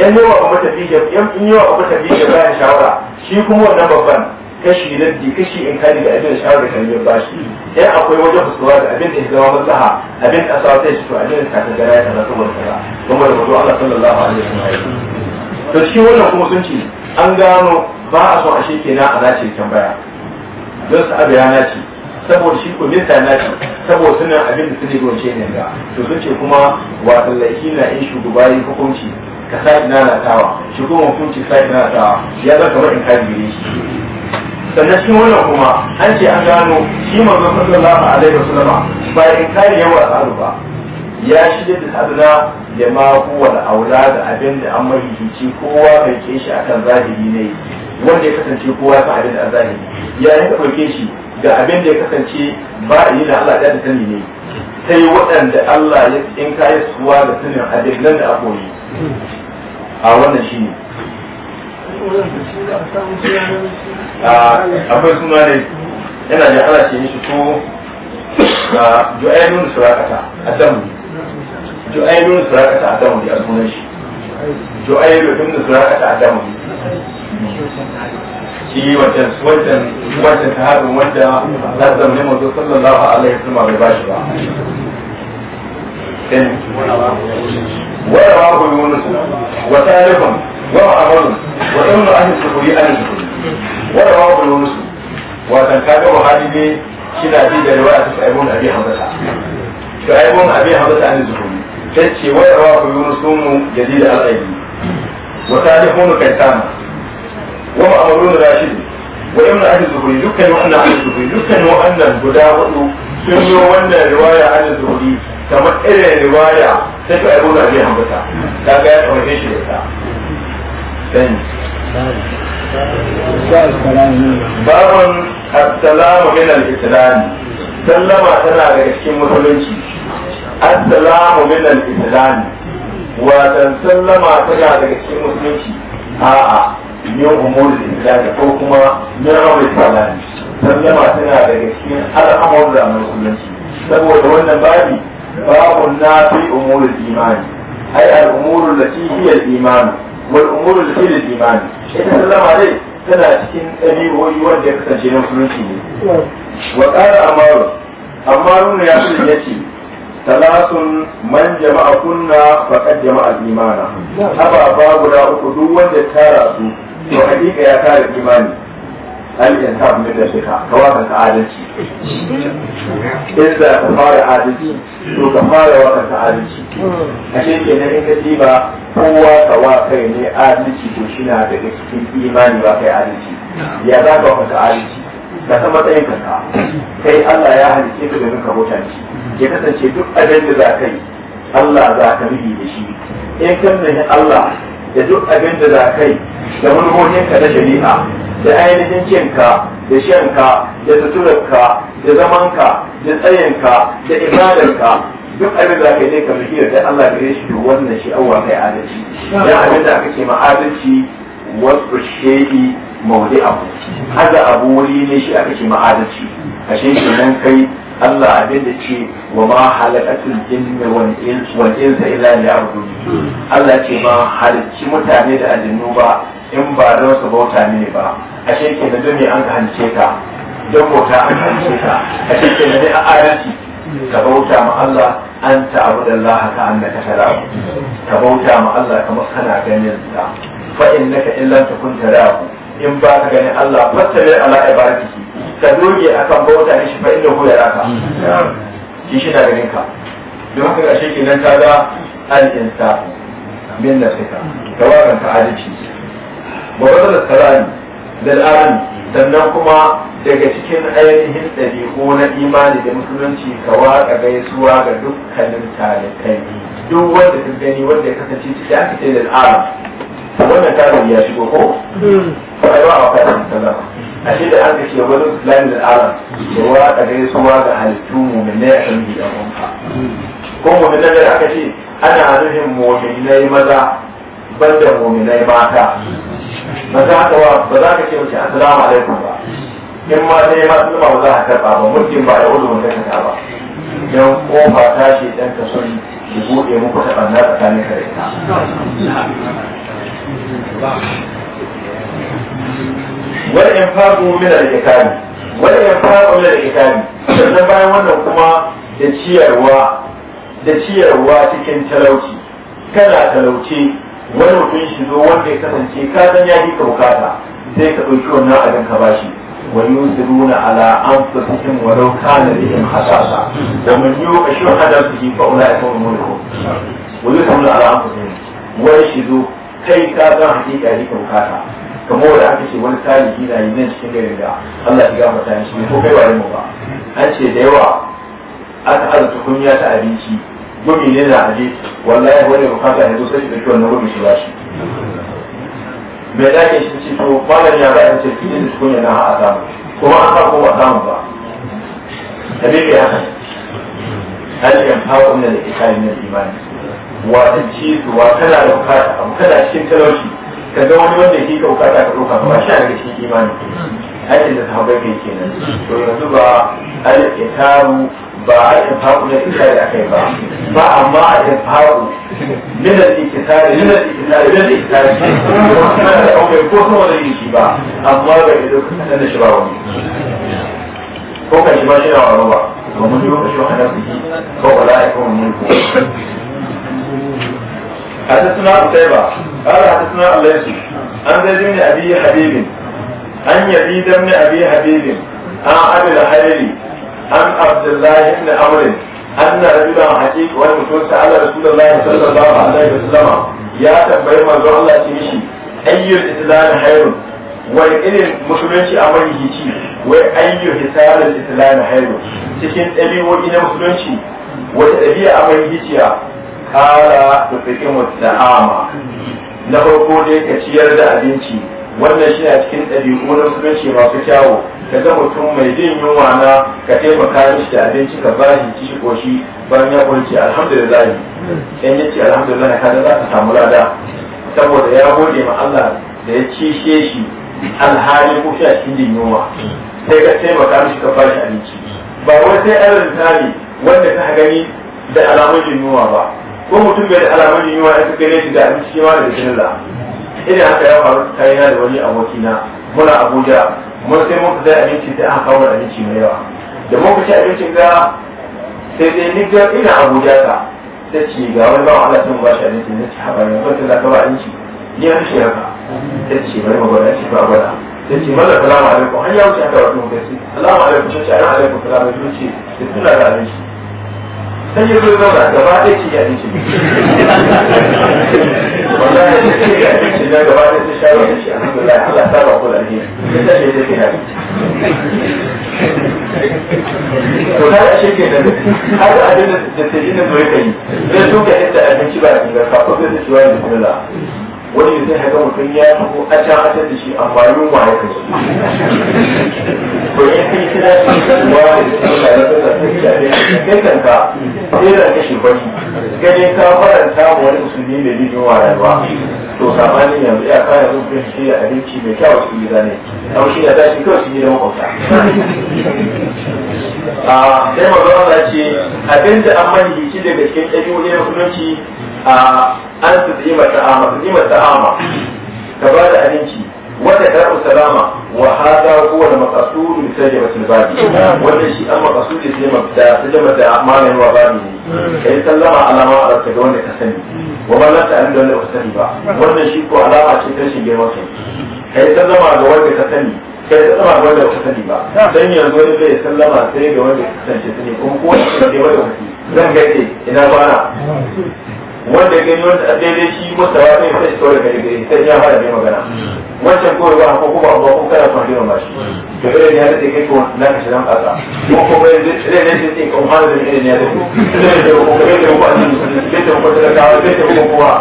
Speaker 1: in yawa a tambihi in yawa bayan shawara shi kuma wannan babban kashi raddi kashi in kari da abin shawar da kan ba shi dan akwai wajen fuskowa da abin da ya zama maslaha abin da sa sai shi to abin da ka gara ya kaza saboda kaza kuma da wato Allah sallallahu alaihi wasallam to shi wannan kuma sun ce an gano ba a son ashe na a zace baya don su abu ya nace saboda shi ko minta nace saboda suna abin da suke gonce ne ga to sun ce kuma wato laifi na in shugaba yi hukunci ka sa ina na tawa shugaban hukunci sa ina na tawa ya zaka ba in kari gare shi sannan cikin wannan kuma an ce an gano shi manzo sallallahu alaihi wasallama ba in kare yawa al'adu ba ya shirya da sadana da ma huwa da aula da abin da an mahihici kowa bai ke shi akan zahiri ne wanda ya kasance kowa ta abin da zahiri ya yi ka ɗauke shi ga abin da ya kasance ba a yi da Allah ya sani ne sai waɗanda Allah ya in kayi suwa da sanin abin nan da a koyi a wannan shi ne
Speaker 2: akwai suna ne yana da
Speaker 1: ana ce mishi ko ju'ainun surakata adamu ju'ainun surakata adamu ne a sunan shi ju'ainun surakata adamu shi wancan wancan wancan ta sahabin wanda lazam ne manzo sallallahu alaihi wasallam bai bashi ba sai wa
Speaker 2: rawahu yunus
Speaker 1: wa talibun وعمر وابن أهل الزهري أهل الزهري ورواه ابن مسلم وكان كاجا وهذه دي كنا دي ده رواية شعيبون أبي حمزة شعيبون أبي حمزة أهل الزهري تتشي ورواه يونس جديد الأيدي وصالحون كيتام ومأمرون راشد وابن أهل الزهري دكا وأن أهل الزهري دكا وأن الهدى sun yi wannan riwaya an zuhuri kamar irin riwaya ta fi abu da zai hambata ta ga ya kamar shi da ta babun assalamu min al-islam sallama tana daga cikin musulunci assalamu min al-islam watan sallama tana daga cikin musulunci a'a yin umurul islam ko kuma min amrul islam sallama tana daga cikin al'amuran musulunci saboda wannan babi babun nafi umurul imani ai al-umurul lati hiya al-imani wal umuru lil imani ita sallama dai tana cikin ɗabi'o'i wanda ya kasance na musulunci ne wa qala amaru amaru ya ce yace talatun man jama'a kunna faqad jama'a imana haba ba guda uku duk wanda tara su to hakika ya tara imani al'in ta mai da shika ka waka ka adalci inda ka fara adalci to ka fara waka ka adalci a shi ke nan inda ji ba kowa ka wa kai ne adalci to shi na daga cikin imani ba kai adalci ya za ka waka ka adalci ka san matsayin ka. kai Allah ya halice ka domin ka mutane ya kasance duk abin da za kai, Allah za ka rubi da shi in kan Allah da duk abin da za kai da manufofinka na shari'a da ainihin cinka da shanka da suturarka da zamanka da tsayinka da ibadarka duk abin da kai ne ka fi da Allah gare shi to wannan shi awwa kai adalci dan abin da aka ce ma adalci wasu maudi abu, hada abu wuri ne shi aka ce ma adalci ashe shi kai Allah abin da ce wa ma halakatul jinni wal insa illa liya'budun Allah ce ma halicci mutane da aljannu ba in ba don su bauta ne ba ashe ke da dole an halice ka don bauta an halice ka ashe ke da a ayati ka bauta ma Allah an ta'budu Allah ka annaka tarahu ka bauta ma Allah kamar kana ganin sa fa innaka illa takun tarahu in ba ka ganin Allah fasabir ala ibadatihi ka doge akan bauta ne shi fa inda ku yaraka shi shi da ganin ka don haka ashe nan ta ga al-insafu min nafsika tawaran ka adalci wa badal salami dal alami sannan kuma daga cikin ainihin ɗabi'u na imani da musulunci ka waƙa gaisuwa ga dukkanin talibai duk wanda ka gani wanda ya kasance cikin aka ce dal alam wannan tarin ya shigo ko hmm. ba a yi wa a shi da an ka ce wani islamin al'alam cewa a gare su ma ga halittu mummune a kan biyan wanka ko mummune da aka ce ana nufin mummunai maza banda mummunai mata ba ka wa ba za ka ce mace assalamu alaikum ba in ma dai ma sun ba za ka karba ba mutum ba ya wuce mutum ka ba don kofa ta ce dan ka son ki buɗe muku ta ɓanna tsakanin ka da ita wani in faɗo mina da ikami wani in faɗo mina da ikami sannan bayan wannan kuma da ciyarwa da ciyarwa cikin talauci kana talauci wani mutum shi zo wanda ya kasance ka san ya yi kaukata sai ka ɗauki wannan abin ka bashi وينذرون على انفسهم ولو كان بهم خصاصه ومن يوق شح نفسه فاولئك هم الملكون ويثنون wani shi zo. sai ka zan hakika ne ka ta, kamar wanda aka ce wani tarihi na yi nan cikin garin da Allah ya gafarta shi ko kai ba mu ba an ce da yawa aka azuta kunya ta abinci gumi ne na aje wallahi wani bukata ya zo sai da kiwon na rubu shi ba shi mai ke shi ce to malam ya bayan ce kin da kunya na a samu kuma an sa ko ba samu ba tabi ya haka hal yan hawa min al-ikali min al-imani wata cizuwa tana da bukata abu kana cikin talauci ka ga wani wanda ke ka bukata ka ɗauka ba shi daga cikin imani aikin da sahabbai kai kenan to yanzu ba alif ya taru ba a yin faɗu da isa da aka yi ba ba amma a yin faɗu minar ikitari minar ikitari minar ikitari kuma da aure ko kuma wani yin shi ba amma bai da duk sanar da shi ba wani ko kan shi ba shi na wani ba domin lokacin hannun ko wala ya kuma mulku حدثنا قتيبة قال حدثنا الليث عن زيد بن أبي حبيب عن يزيد بن أبي حبيب عن أبي الحيري عن عبد الله بن عمرو أن رجلا حقيق والمسلم سأل رسول الله صلى الله عليه وسلم يا تنبئي منظور الله تمشي أي الإسلام خير wani irin musulunci a marihici wai ayyu hisarar islami hairu cikin ɗabi'o'i na musulunci wata ɗabi'a a marihiciya kala da fikimu da ama na farko dai ka ciyar da abinci wannan shi a cikin ɗabi'u na musulunci masu kyawu ka ga mutum mai jin yunwa na ka taimaka mishi da abinci ka ba shi ci ko shi bayan ya kunce alhamdulillah in ya ce alhamdulillah kada za ka samu lada saboda ya gode ma Allah da ya cishe shi alhali ko shi a cikin jin yunwa sai ka taimaka mishi ka ba shi abinci ba wai sai ɗan rinta wanda ka gani da alamun jin yunwa ba ko mutum bai da alamun yiwuwa ya fi gane shi da abinci cikin ma da jinin la ina haka ya faru na da wani na muna abuja mun sai mun zai abinci sai aka kawo abinci mai yawa da mun ci abincin ga sai dai ni ga ina abuja ta ta ce ga wani ba Allah sun ba shi abinci na ci haɓa ne wata za ka ba abinci ni an shi haka ta ce bari mu gwada shi ba gwada ta ce mallar salamu alaikum an ya wuce aka wata mu gaci salamu alaikum ta ce ana alaikum salamu alaikum ce ta tuna da abinci sai ya zo zauna gaba ɗaya ci ya ɗinci wallahi sai ya ɗinci na gaba ɗaya sai shawo da shi alhamdulillah Allah ta ba ku da alheri ya ta shi yake
Speaker 2: na to da shi ke da
Speaker 1: har abin da da sai ina zo yake yi zai duka yadda abinci ba da ka ko zai ci wani bismillah wani sai haka mutum ya ko a can a da shi amma yunwa ya kashi ويكفي كده في الوارد كده انت كده مش البشي gani ka faranta سام wani مسلمين to sabani yanzu ya shi da abinci mai kyau su ne kawai shi da tashi kawai su gida makwabta
Speaker 2: a
Speaker 1: sai ce abinda an shi daga cikin ɗabi'o'i na a an su ta'ama su ta'ama ka ba da abinci wanda da salama wa hada huwa da maqasud min sajmatul babi wanda shi an maqasud ya zama da sajma da malamin wa babi ne kai sallama alama a rasa ga wanda ka sani wa ba lanta an da wanda ka sani ba wannan shi ko alama ce ta shi girman sai kai sallama ga wanda ka sani kai sallama ga wanda ka sani ba dan yanzu wani bai sallama sai ga wanda ka sani kuma ko wanda ke wanda ka sani zan gaide ina bana wanda gani wanda a daidai shi masa ya fi sai tsoron gari gari sai ya fara mai magana wancan kowai ba ko kuma ba ko kana son ba shi to irin ya da kai to na ka shirin kasa ko kuma ya zai ne sai sai kuma da ne ya da sai da ko kai da ko sai da ko da ka sai da ko kuwa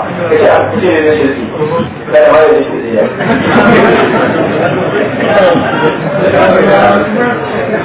Speaker 1: a ce ne shi da ya shi ya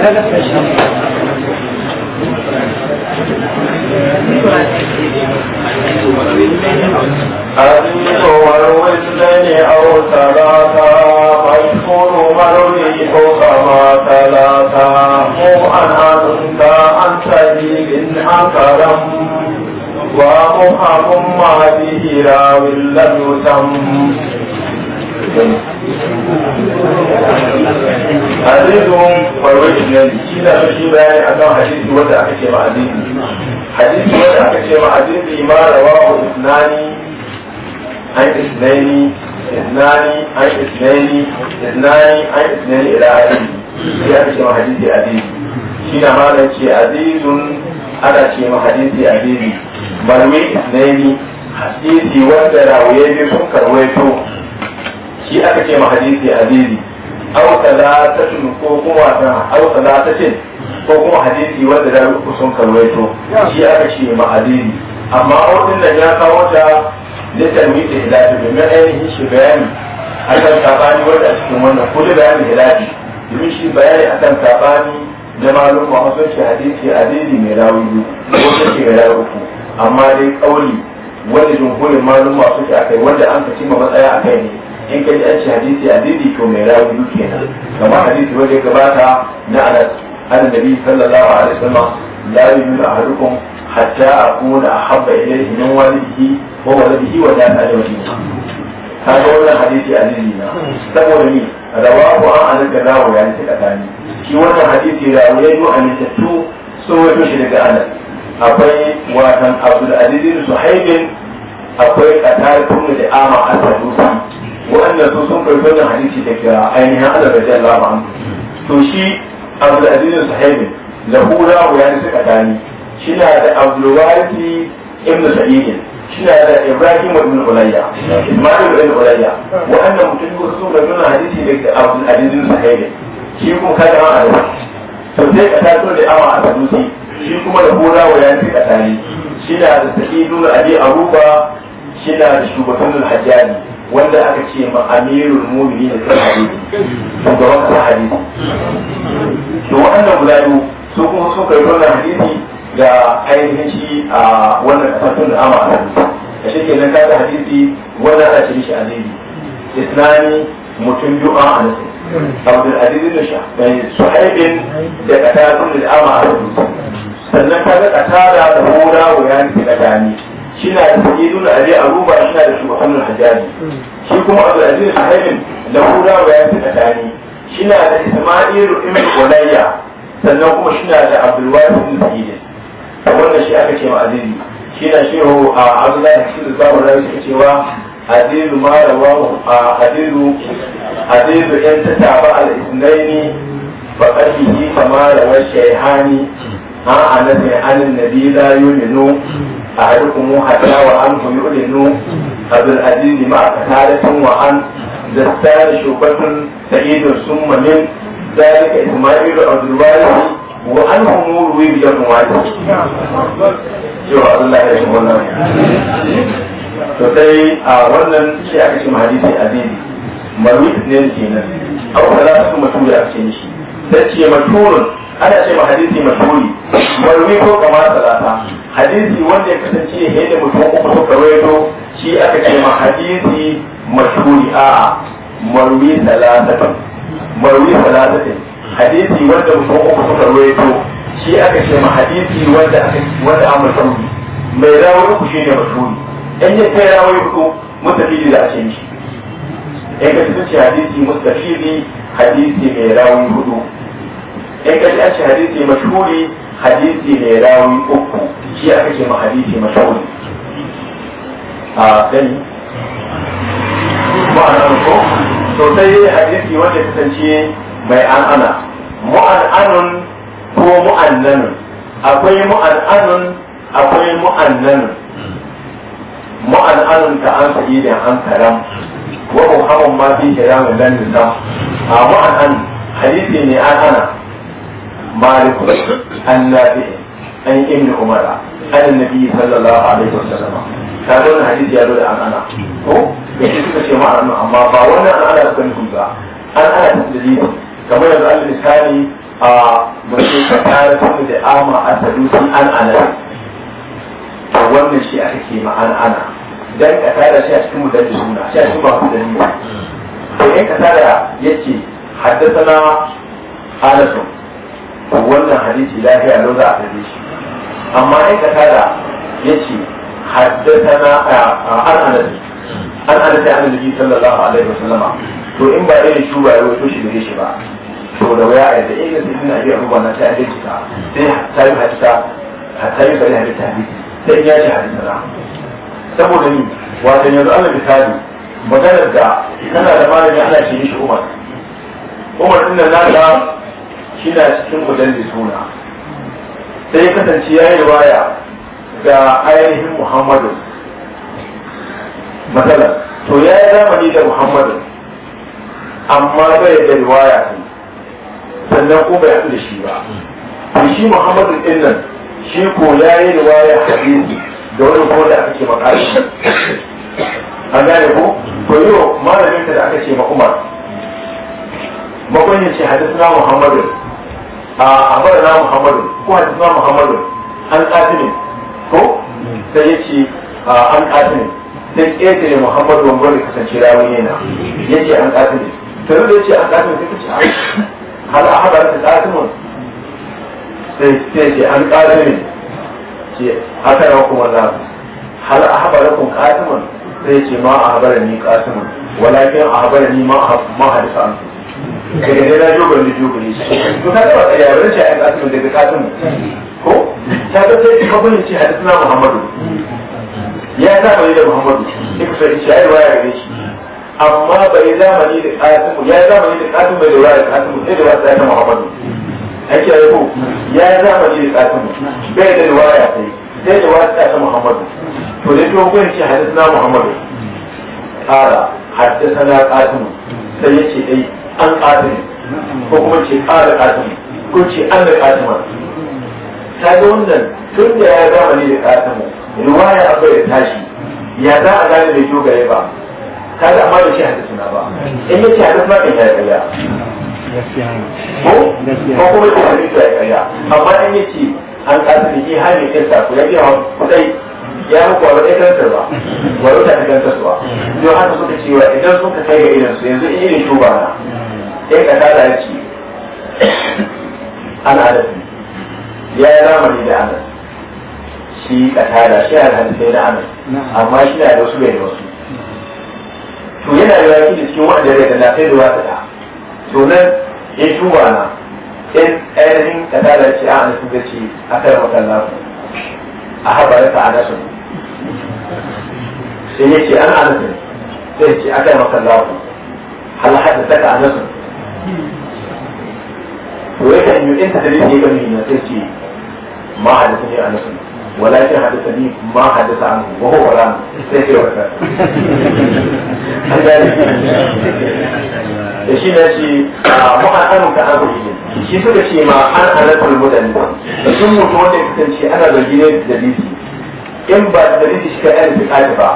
Speaker 2: أنت والوزن
Speaker 1: أو ثلاثة فاذكر مرميك كما ثلاثة مؤمن أنت عن سبيل أكرم ومحرم ما به راو لم azizun farwaki ne shi na so shi bayani a kan hadisi wanda aka ce ma azizi hadisi wanda aka ce ma azizi ma rawahu isnani an isnani isnani an isnani isnani an isnani ila azizi shi aka ce ma hadisi azizi shi na malam ce azizun ana ce ma hadisi azizi marwi isnani hadisi wanda rawaye sun karwaito shi aka ce ma hadisi azizi aw talatatun ko kuma aw talatatin ko kuma hadisi wanda da ku sun to shi aka ce ma hadisi amma wannan nan ya kawo ta da tarwiti ilahi domin ainihin shi bayani akan sabani wanda a cikin wannan ko da bayani ilahi domin shi bayani akan sabani da malum ma sun ce hadisi hadisi mai rawi ko ta ce mai rawi amma dai kauli wanda jumhurin malum ma sun ce akai wanda an ka ma matsaya akai ne in ka ji an ce hadisi hadisi ko mai rawi duke nan kama hadisi wanda ya gabata na anas an nabi sallallahu alaihi wasallam la yu'minu ahadukum hatta akuna ahabba ilayhi min walidihi wa waladihi wa la ajma'i kaga wannan hadisi hadisi na saboda ni rawahu an anas da rawu ya ni shi wannan hadisi rawu ya yi an tattu so wato shi daga anas akwai watan abdul aziz suhaibin akwai qatar tun da ama al wanda su sun kai wannan hadisi da kira ainihin Allah bai Allah ba to shi Abdul Aziz Sahibi lahura wa yani suka dani shina da Abdul Warisi ibn Sa'id shina da Ibrahim ibn Ulayya Ismail ibn Ulayya wa'annan mutum ko sun kai wannan hadisi da Abdul Aziz Sahibi shi kuma kada ma a to sai ka taso da awa a sanusi shi kuma da hura wa yani suka dani shina da Sa'idu Abi Aruba shina da shugaban Hajjani wanda aka ce ma amirul mu'minin da hadisi shugaban kasa hadisi to wannan guda biyu su kuma sun kai wannan hadisi ga ainihin shi a wannan kasatun da ama a a shi ke nan kada hadisi wanda ana ce shi azizi islami mutum biyu an anasin abdul aziz eh, da sha mai suhaibin da kasatun da ama a sannan kada kasada da hura wa yanki da gani shina da sai nuna ali aruba shi na da shi muhammad hajjaji shi kuma abu aziz sahihin lahu rawa ya fi tsakani shi na da isma'ilu ibn ulayya sannan kuma shi na da abdul wahid ibn sayyid wannan shi aka ce ma azizi shi na shehu a abdullahi hakimu zamu rawi suka cewa hadiru ma rawahu a hadiru hadiru yan ta taba al-isnaini fa qadihi kama rawar shayhani a anas an nabi la yuminu أحدكم حتى وعنه يؤذن أبو العزيز مع قتالة وعن دستان شوكة سعيد ثم من ذلك إسماعيل عبد الوارث وعنه نور ويبيا وارث شو الله يرحمه sosai a wannan shi aka ce hadisi azizi marwit ne kenan abu da su maturi a cikin shi sai ce maturun ana ce hadisi ko kamar hadisi wanda ya kasance ya da mutum uku suka rawaito shi aka ce ma hadisi mashuri a marwi salatatin marwi salatatin hadisi wanda mutum uku suka rawaito shi aka ce ma hadisi wanda aka wanda an musamman mai rawayi ku ne mashuri in ya kai rawayi ku mustafidi da a ce shi in ka ce hadisi mustafidi hadisi mai rawayi hudu in ka ce hadisi mashuri hadisi mai rawayi uku shi a kake ma hadisi mashahuri a gani ba na ko to sai dai hadisi wanda ya kasance mai an'ana mu'an'anun ko mu'annanun akwai mu'an'anun akwai mu'annanun mu'an'anun ta an sa'i da an karam wa muhammad ma fi kiramin lan nisa a mu'an'an hadisi ne an ana malikun annabi an ibn umara na biyu sallallahu alaihi wa wasallam Ta ga wannan hadisi ya zo da anana ko yake suka ce ma anana amma ba wannan anana suka nufin ba an ana dalili kamar yanzu al misali a mutum ka tare su da ama asadusi an anana to wannan shi aka ke ma an dan ka tara shi a cikin mudalli suna shi a cikin ba mudalli to in ka tara yace haddasa حدثنا أنس wannan hadisi lafiya lau za a tafi shi amma ai da kada yace haddathana an anas an anas ya annabi sallallahu alaihi wasallama to in ba irin shura ya wato shi da shi ba to da waya ai da irin sai ina ji abubuwa na sai a dace ta sai ta yi hadisa ta yi sai hadisa sai ya ji hadisa saboda ni wato yanzu Allah misali maganar da kana da malami ana ce shi Umar Umar din nan naka shi na cikin mujallis suna sai ya kasance ya yi waya ga ainihin muhammadu matsala to ya yi zamani da muhammadu amma bai da riwaya ne sannan ko bai haɗu da shi ba to shi muhammadu ɗin nan shi ko ya yi riwaya hadisi da wani ko da aka ce makashi an gane ko to yau malamin da aka ce ma umar makon ya ce hadisna muhammadu أخبرنا na muhammadu محمد عن قاسم ko sai ya ce an ƙasini sai ne muhammadu wangwar da kasance rawun yana ya ce an ƙasini tare da ya ce an ƙasini sai ta ce hal a haɗa da ƙasinin sai sai ce an ƙasini ce haka na kuma za hal a haɗa da kuma sai ce ma a haɗa ni ƙasinin walakin a haɗa ni ma a haɗa daga dai na jogon da jogon ne to ka ga ya bari shi a asibin daga katin ko ta ga sai ka bani ce hadisuna muhammadu ya yi da muhammadu sai ku sai shi ai waya gare shi amma bai zamani da katin ya zamani da katin bai da waya da katin sai da waya da muhammadu ake yi ko ya zamani da katin bai da waya sai sai da waya da muhammadu to dai to kun ce hadisuna muhammadu na قال حدثنا قاسم سيدي ko kuma القادم وكما شيء قال قادم كل شيء أن قادم wannan tun da ya gama ne da katamu ruwaya abu da tashi ya za a gane da yoga ya ba ta da amma da shi hadisi suna ba in ya ce hadisi suna kan
Speaker 2: ya kaya ko ko kuma
Speaker 1: ya suna ya kaya amma in ya ce an kasa da ke hali ya sa ya biya wa kudai ya muku wa ɗaya kantar ba wa yau ta kantar ba yau haka suka cewa idan sun ka kai ga irin su yanzu in irin sai ka tada ya ce an hadasi ya yi zamani da anas shi ka tada shi a hadisai na anas amma shi na da wasu bai da wasu to yana da yaki da cikin wanda ya na sai da wata ta to nan ya tuba na in ainihin ka tada ce a anas da ce a kai masallafu a haɓa haɓar ta anasu sai ya ce an anasu sai ce a kai masallafu hal hadasa ka anasu وإذا أن أنت حديث يبني من تجي ما حدثني عن نفسي ولكن حدثني ما حدث عنه ce كلام سيكي وكذا da shi ne shi mu'asanin ka abu ne shi suka ce ma an alatul mutane sun mutu wanda ya kasance ana zargi ne da dalili in ba da dalili shi ka yi alfiƙa ba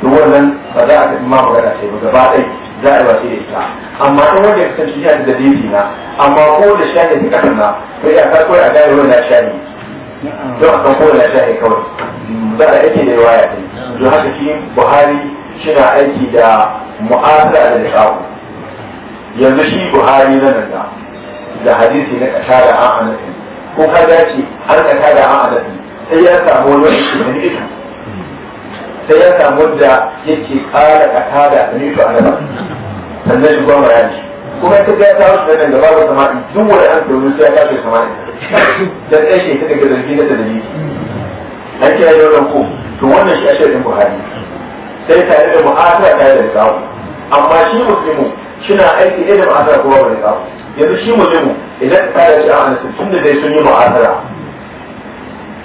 Speaker 1: to wannan ba za a tafi ma magana sai ba gaba ɗaya za a yi da ita amma in wanda ya kasance shi da dalili na amma ko da shahi ta kasar na sai a karko a gane wani na shahi don a kan ko na shahi kawai za a yake da yawa ya don haka shi buhari shina aiki da mu'asara da lissafu yanzu shi buhari na nan da da hadisi na kasa da an anasin ko ka dace an kasa da an anasin sai ya samu wani wani ita sai ya samu da yake kara kata da ni to annaba sannan shi goma ya ji kuma ta ya ta wasu nan da babu sama'i duk wanda an tsoro sai ya kashe sama'i dan ɗaya shi ta da zargi da dalili an kira yau ran ko to wannan shi ashe shirin Buhari sai tare da mu'asara tare da kawo amma shi muslimu shina aiki ne da mu'asara ko babu kawo yanzu shi muslimu idan ka da shi a annabi tun da dai sun yi mu'asara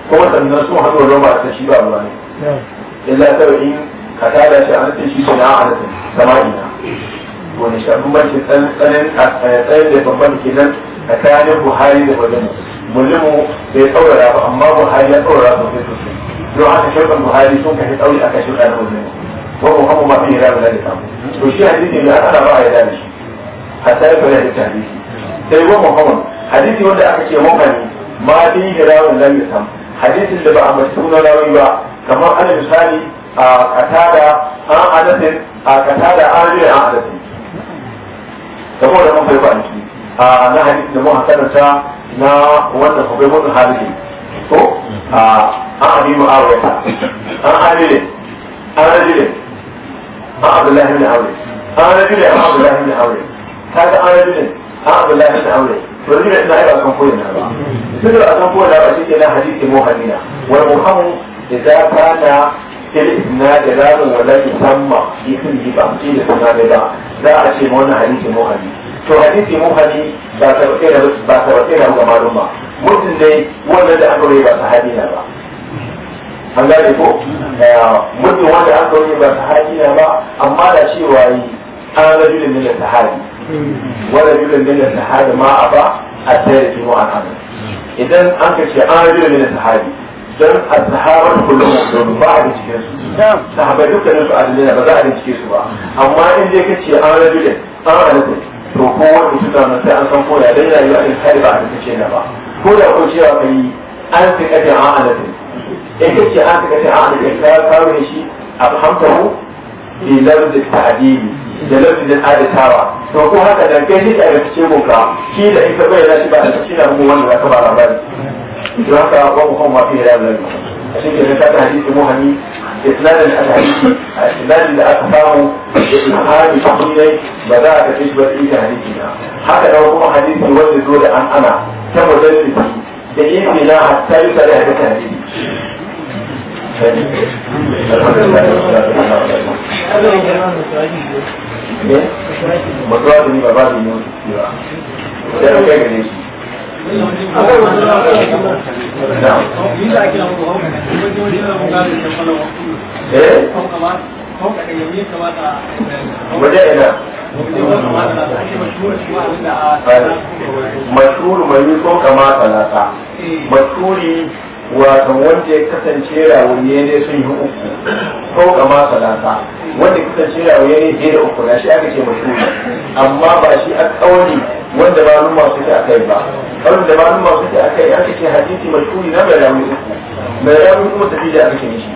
Speaker 1: kuma sannan sun haɗu da ba ta shi ba ruwa ne illa kawai ka tada shi an ce shi shi na ne sama'ina wani shi bambanci tsananin a eh, tsayin da bambanci kenan tsakanin buhari da mulimu mulimu bai tsaurara ba amma buhari ya tsaurara sosai sosai don haka shirkan buhari sun kashe tsauri a kashe ɗan mulimu wa muhammadu ma fi hira da zai samu to shi hadisi ne ana ba a yi dani shi hatta ya fara da hadisi sai wa muhammadu hadisi wanda aka ce muhammadu ma fi hira da zai samu hadisin da ba a masu suna rawi ba kamar ana misali a katada an anasin a katada an riya an anasin saboda mun bai ba a na hadisi da mun hakarta na wanda ku bai mutu hadisi ko a an abi mu'awiyata an adile an adile an abdullahi bin aure an adile an abdullahi bin aure kaga an adile an abdullahi bin aure to ni da ina ba kan koyina ba sai da kan koyina ba shi ke na hadisi mu hadina wal muhammad إذا كان في da لام ولا يسمى باسمه بأمشي الإسناد لا لا أشي مونا حديث مو حديث to hadisi mu hadi ba ta rike da ba ta rike da ga malum ba mutum dai wanda da aka ba sahabi na ba an gane ko mutum wanda aka ba sahabi na ba amma da cewa yi an rajulun min sahabi wa rajulun min sahabi ma ba a tsaye da an idan an ka ce an rajulun min sahabi Dan a sahabar kullum mutum ba a bincike su sahabai dukkanin su adalina ba za a bincike su ba amma in dai kace an rajulin an rajulin to ko wani suna na sai an san ko ya dai rayuwa in kai ba a bincike na ba ko da ko cewa kai an fi kace an rajulin in kace an fi kace an rajulin ka kawo shi a hamtahu bi lafzi ta'dili da lafzin adatawa to ko haka da kai shi da bincike ko ka shi da ita bai da shi ba da shi na mu wannan ka ba labari don haka wa mu kuma fi hira bilan a cikin da ta hadisi muhani isnadin al-hadisi isnadin da aka samu da isnadin kullai ba za a tafi shi ba da ita hadisi na haka da kuma hadisi wanda zo da an ana ta mudallisi da yake na hatta yi sare hadisi hadisi
Speaker 2: ne? Mutuwa
Speaker 1: da ni ba ba da yi wani
Speaker 2: بدأنا مشهور من
Speaker 1: يكون كما ثلاثة مشهور wato wanda ya kasance rawuye ne sun yi uku ko kama salata wanda ya kasance rawuye ne fiye da uku na shi aka ce mashuri amma ba shi a kauli wanda ba nun masu ta akai ba kaulin da ba nun masu ta akai aka ce hadisi mashuri na mai rawuye uku mai rawuye kuma tafi da aka ce
Speaker 2: mishi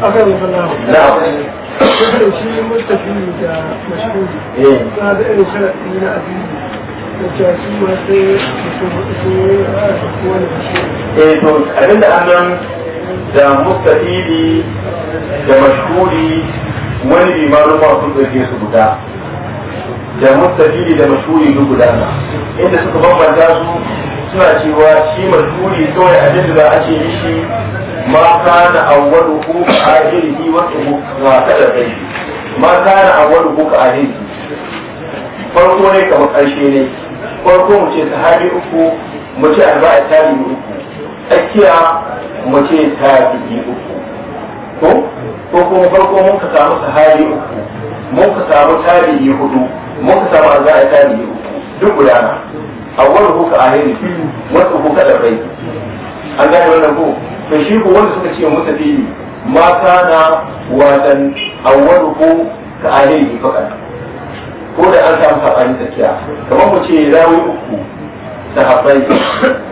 Speaker 2: akan na'am shi mustafi da mashuri na eh. da irin sharaɗi na addini
Speaker 1: eh to abin da annan da mustahili da mashhuri wani limanin ba sun ɗauke su guda da mustahili da mashhuri duk guda na inda suka bambanta su suna cewa shi mashhuri kawai abin da za a ce shi ma kana awwalu ku a ahirihi wa kada kai ma kana awwalu ku a ahirihi farko ne kamar ƙarshe ne farko mu ce sahabi uku mu ce arba'a tabi uku tsakiya mu ce tabi uku ko ko kuma farko mun ka samu sahabi uku mun ka samu tabi hudu mun ka samu arba'a tabi uku duk gudana awwal ku ka ahiri wasu ku ka da bai an gane wannan ko to shi ko wanda suka ce mutafili ma kana watan awwal ku ka ahiri fakat ko da an samu sabani tsakiya kamar mu ce rawi uku sahabbai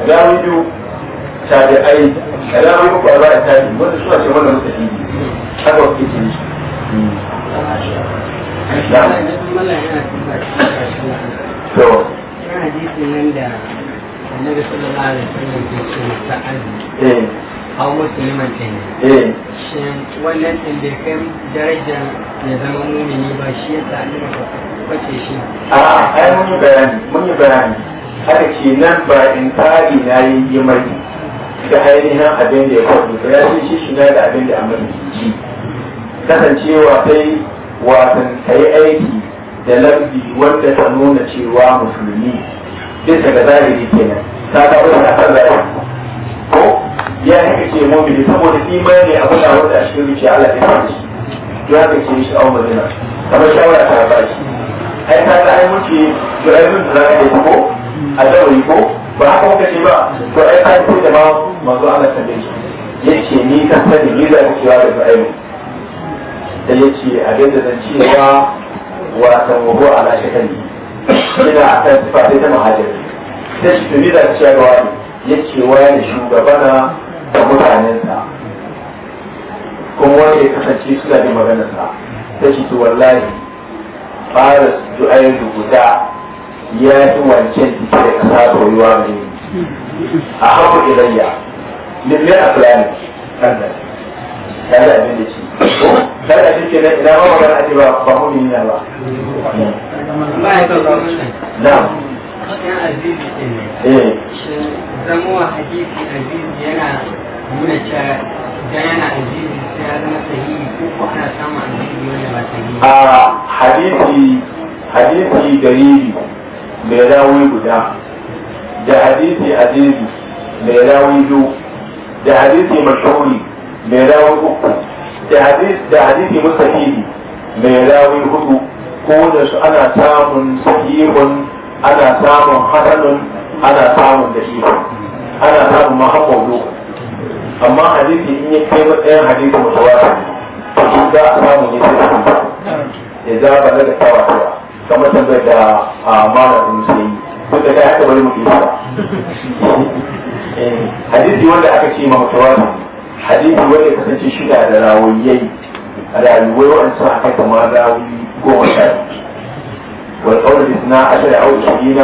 Speaker 1: rawi biyu tabi'ai rawi uku a ba'a tabi wanda suna ce wannan yi haka wasu ke ce
Speaker 2: to hadisin nan da annabi sallallahu alaihi wasallam ke ce eh hau musulman ta ne shin wannan ɗin bai kai darajar ya zama mumini ba shi ya sa ne kwace shi
Speaker 1: a ah, ai mun yi bayani mun yi bayani haka ce nan ba in tsari na yi yi mai da ainihin abin da ya faru ba ya ce shi shi na da abin da amma ji kasancewa sai wasan kai aiki da lambi wanda ta nuna cewa musulmi duk daga zahiri kenan ta ta wani a kan zahiri ko ya haka ce mumini saboda imani abu na wanda a cikin zuciya Allah ya sani shi ya haka ce shi awon madina kamar shawara ta ba shi ai ta ga ai muke to da zaka yi ko a dawai ko ba haka kuka ce ba to ai ka ce da ba manzo Allah ta dace yace ni ka sani ni da kuke wa da ai da yace abin da zan cewa wa tawabu ala shakali ina a kan sifa ta muhajiri sai shi to ni da cewa ya ce wani shugabana da mutanensa kuma wanda ya kasance suna bin maganarsa ta ce to wallahi fara su du'ayin guda ya fi wancan jiki da kasa soyuwa mai a haku ilayya ne a fulani kanda da abin da abin ke nan idan ba ba mu ne
Speaker 2: ba na Eh. Zamuwa hadisi azizi yana nuna cewa dan yana ajiyu sai ya zama sahihi ko ko ana samun ajiyu wanda ba
Speaker 1: sahihi a hadisi hadisi gariri mai rawi guda da hadisi azizi mai rawi biyu da hadisi mashhuri mai rawi uku da hadisi da hadisi musahihi mai rawi hudu ko da su ana samun sahihun ana samun hasanun ana samun da ana samun mahammadu amma hadisi in ya kai matsayin hadisi mutawatir to shi za a samu ne sai
Speaker 2: su
Speaker 1: ya za ba daga tawatura kamar tambayar da a mana din ina duk da kai haka bari mu isa eh, hadisi wanda aka ce ma mutawatir hadisi wanda ya kasance shida da rawayyai rayuwar wanda sun aka kama rawayi goma sha والقول الاثنى عشر أو عشرين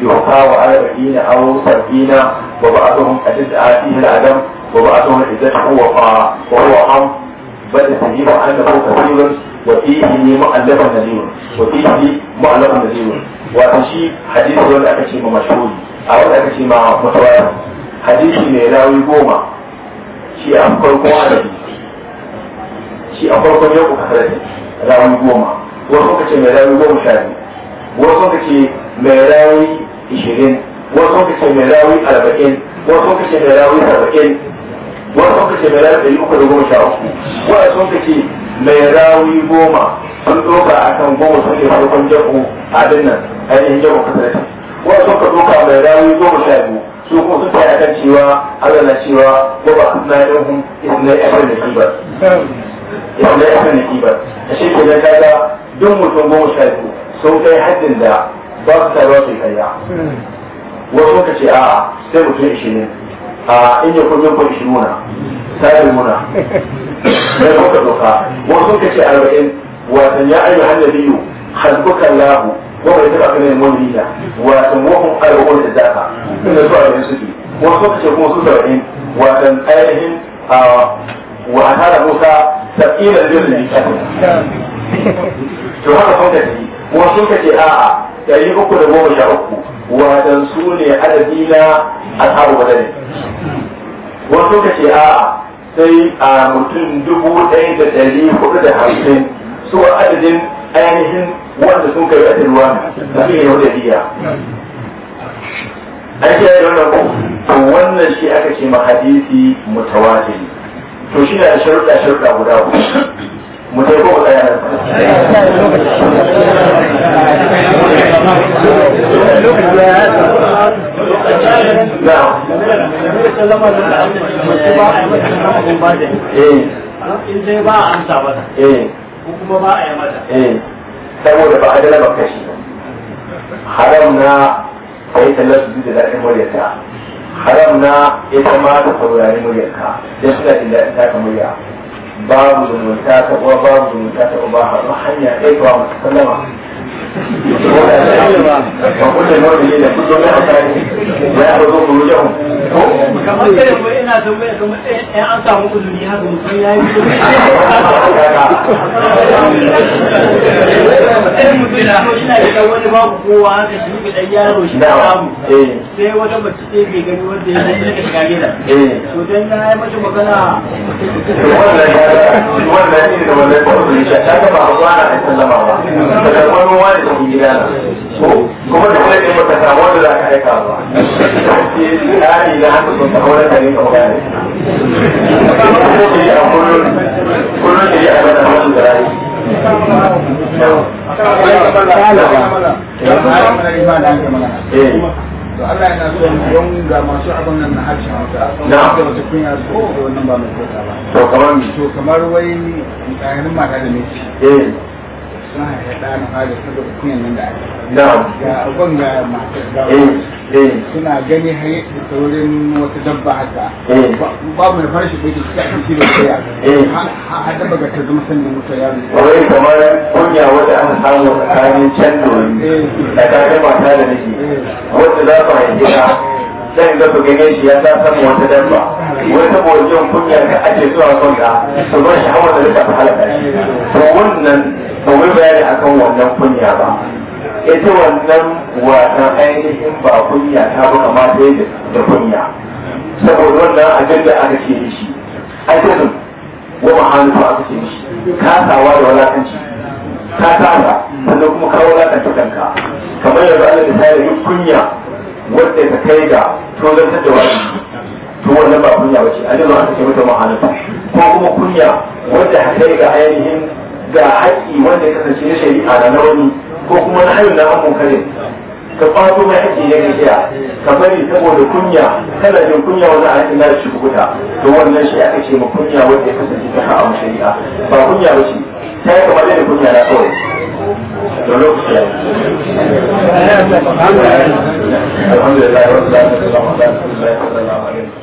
Speaker 1: يحقى وأربعين أو سبعين وبعضهم أشد فيه العدم وبعثهم عزة هو وهو حم بل تجيب أنه كثير وفيه مؤلف نزيم وفيه مؤلف نزيم وتشي حديث ولا أكشي مشهور أو أكشي مع متواتر حديث ميلاوي قوما شي أفكر قوانا شي أفكر قوانا وكثرتي راوي قوما wasu kace mai rawi goma sha biyu wasu kace mai rawi ishirin wasu kace mai rawi arba'in wasu kace mai rawi saba'in wanda suka ce mai rawi ɗari uku da goma sha uku wani sun ka ce mai rawi goma sun doka a kan goma sun ke farkon jabu abin nan ainihin jabu kasarci wani sun ka ɗauka mai rawi goma sha biyu su kuma sun tsaya kan cewa Allah na cewa ko ba na yin hun isna ya fi nasiba na ya fi nasiba a shi ke nan kaga duk mutum goma sha biyu sun kai haddin da ba su taruwa su yi kaya wasu ka ce a'a sai mutum ishirin a inda kun yin kun shiruna sayar muna da kuka doka wasu ka ce arba'in watan ya ayyu ayi hannabiyu halbuka lahu ko bai taɓa kanin mulida watan wahun arba'un da zaka inda su arba'in suke wasu ka ce kuma su saba'in watan ainihin wa an hada musa sab'ina jirgin to haka kun ka ce wasu ka ce a'a dari uku da goma sha uku wadan su ne adadi na al'abu wadane wasu ka ce a sai a mutum dubu ɗaya da ɗari hudu da hamsin su adadin ainihin wanda sun kai adadin ruwa da su yau da biya an ce da wannan ko to wannan shi aka ce ma hadisi mutawatiri to shi na da sharuɗa sharuɗa guda uku mu je ko tsaya in ba a amsa mata ko kuma ba a yi mata saboda ba a dala ba shi haram na a yi tallar su da daɗin muryarta haram na ita ma ta saurari muryarka don suna jin daɗin taka murya babu zumunta ta uwa babu zumunta ta uba har hanya ɗaya ga sallama وكل نوع من الليل كل يوم يحتاج ويأخذ خروجهم ko
Speaker 2: ina an samu mutum
Speaker 1: ya yi sai wata mace ce bai gani wanda ya zai shiga gida to dan na yi mata magana ne da wannan ba su sha ta ga ba a zuwa na sallama ba da karɓar ruwa da su gida na kuma
Speaker 2: da kuma ne baka samu wanda za ka aika ba
Speaker 1: tsari na haka sun samu wani kare ka magana ko ke yi a kullum kullum ke yi a bada masu da yi Thank you. to Allah yana so don ga masu abin nan na harshen hausa na da wata kunya su ko wannan ba mai kyauta ba to kamar to kamar wai eh, tsayanin mata da miji eh sun haifi ɗa da ake ga suna gani eh, har eh. saurin wata dabba haka farashi da cikin ta zama mutu ya kamar kunya samu tsakanin can eh. da ta gaba ta da za haifi sai ga ku gane shi ya ta samu wata dabba wai saboda jin kunya ka ake zuwa son ka to ba shi hawa da duka ta halaka shi to wannan ba wai bayani akan wannan kunya ba ita wannan wasan ainihin ba kunya ta ba kamata sai da kunya saboda wannan a da aka ce shi ajin wa mahanufa aka ce shi kasawa da walakanci ka kasa sannan kuma kawo walakanci kanka kamar yanzu Allah misali kunya wadda ta kai ga tozartar da wani to wannan ba kunya ba ce a jima aka ce mata mahalatu ko kuma kunya wadda ta kai ga ainihin ga haƙƙi wanda ya kasance na da na wani ko kuma na hanyar na amon kare ka kwato mai ake ya gajiya ka bari saboda kunya kana jin kunya wannan haƙƙi na shi kuta to wannan shi aka ce ma kunya wanda ya kasance ta ha'a shari'a ba kunya ba shi ta yi kamar da kunya na kawai
Speaker 2: da lokaci ya alhamdulillah wa sallallahu alaihi wa sallam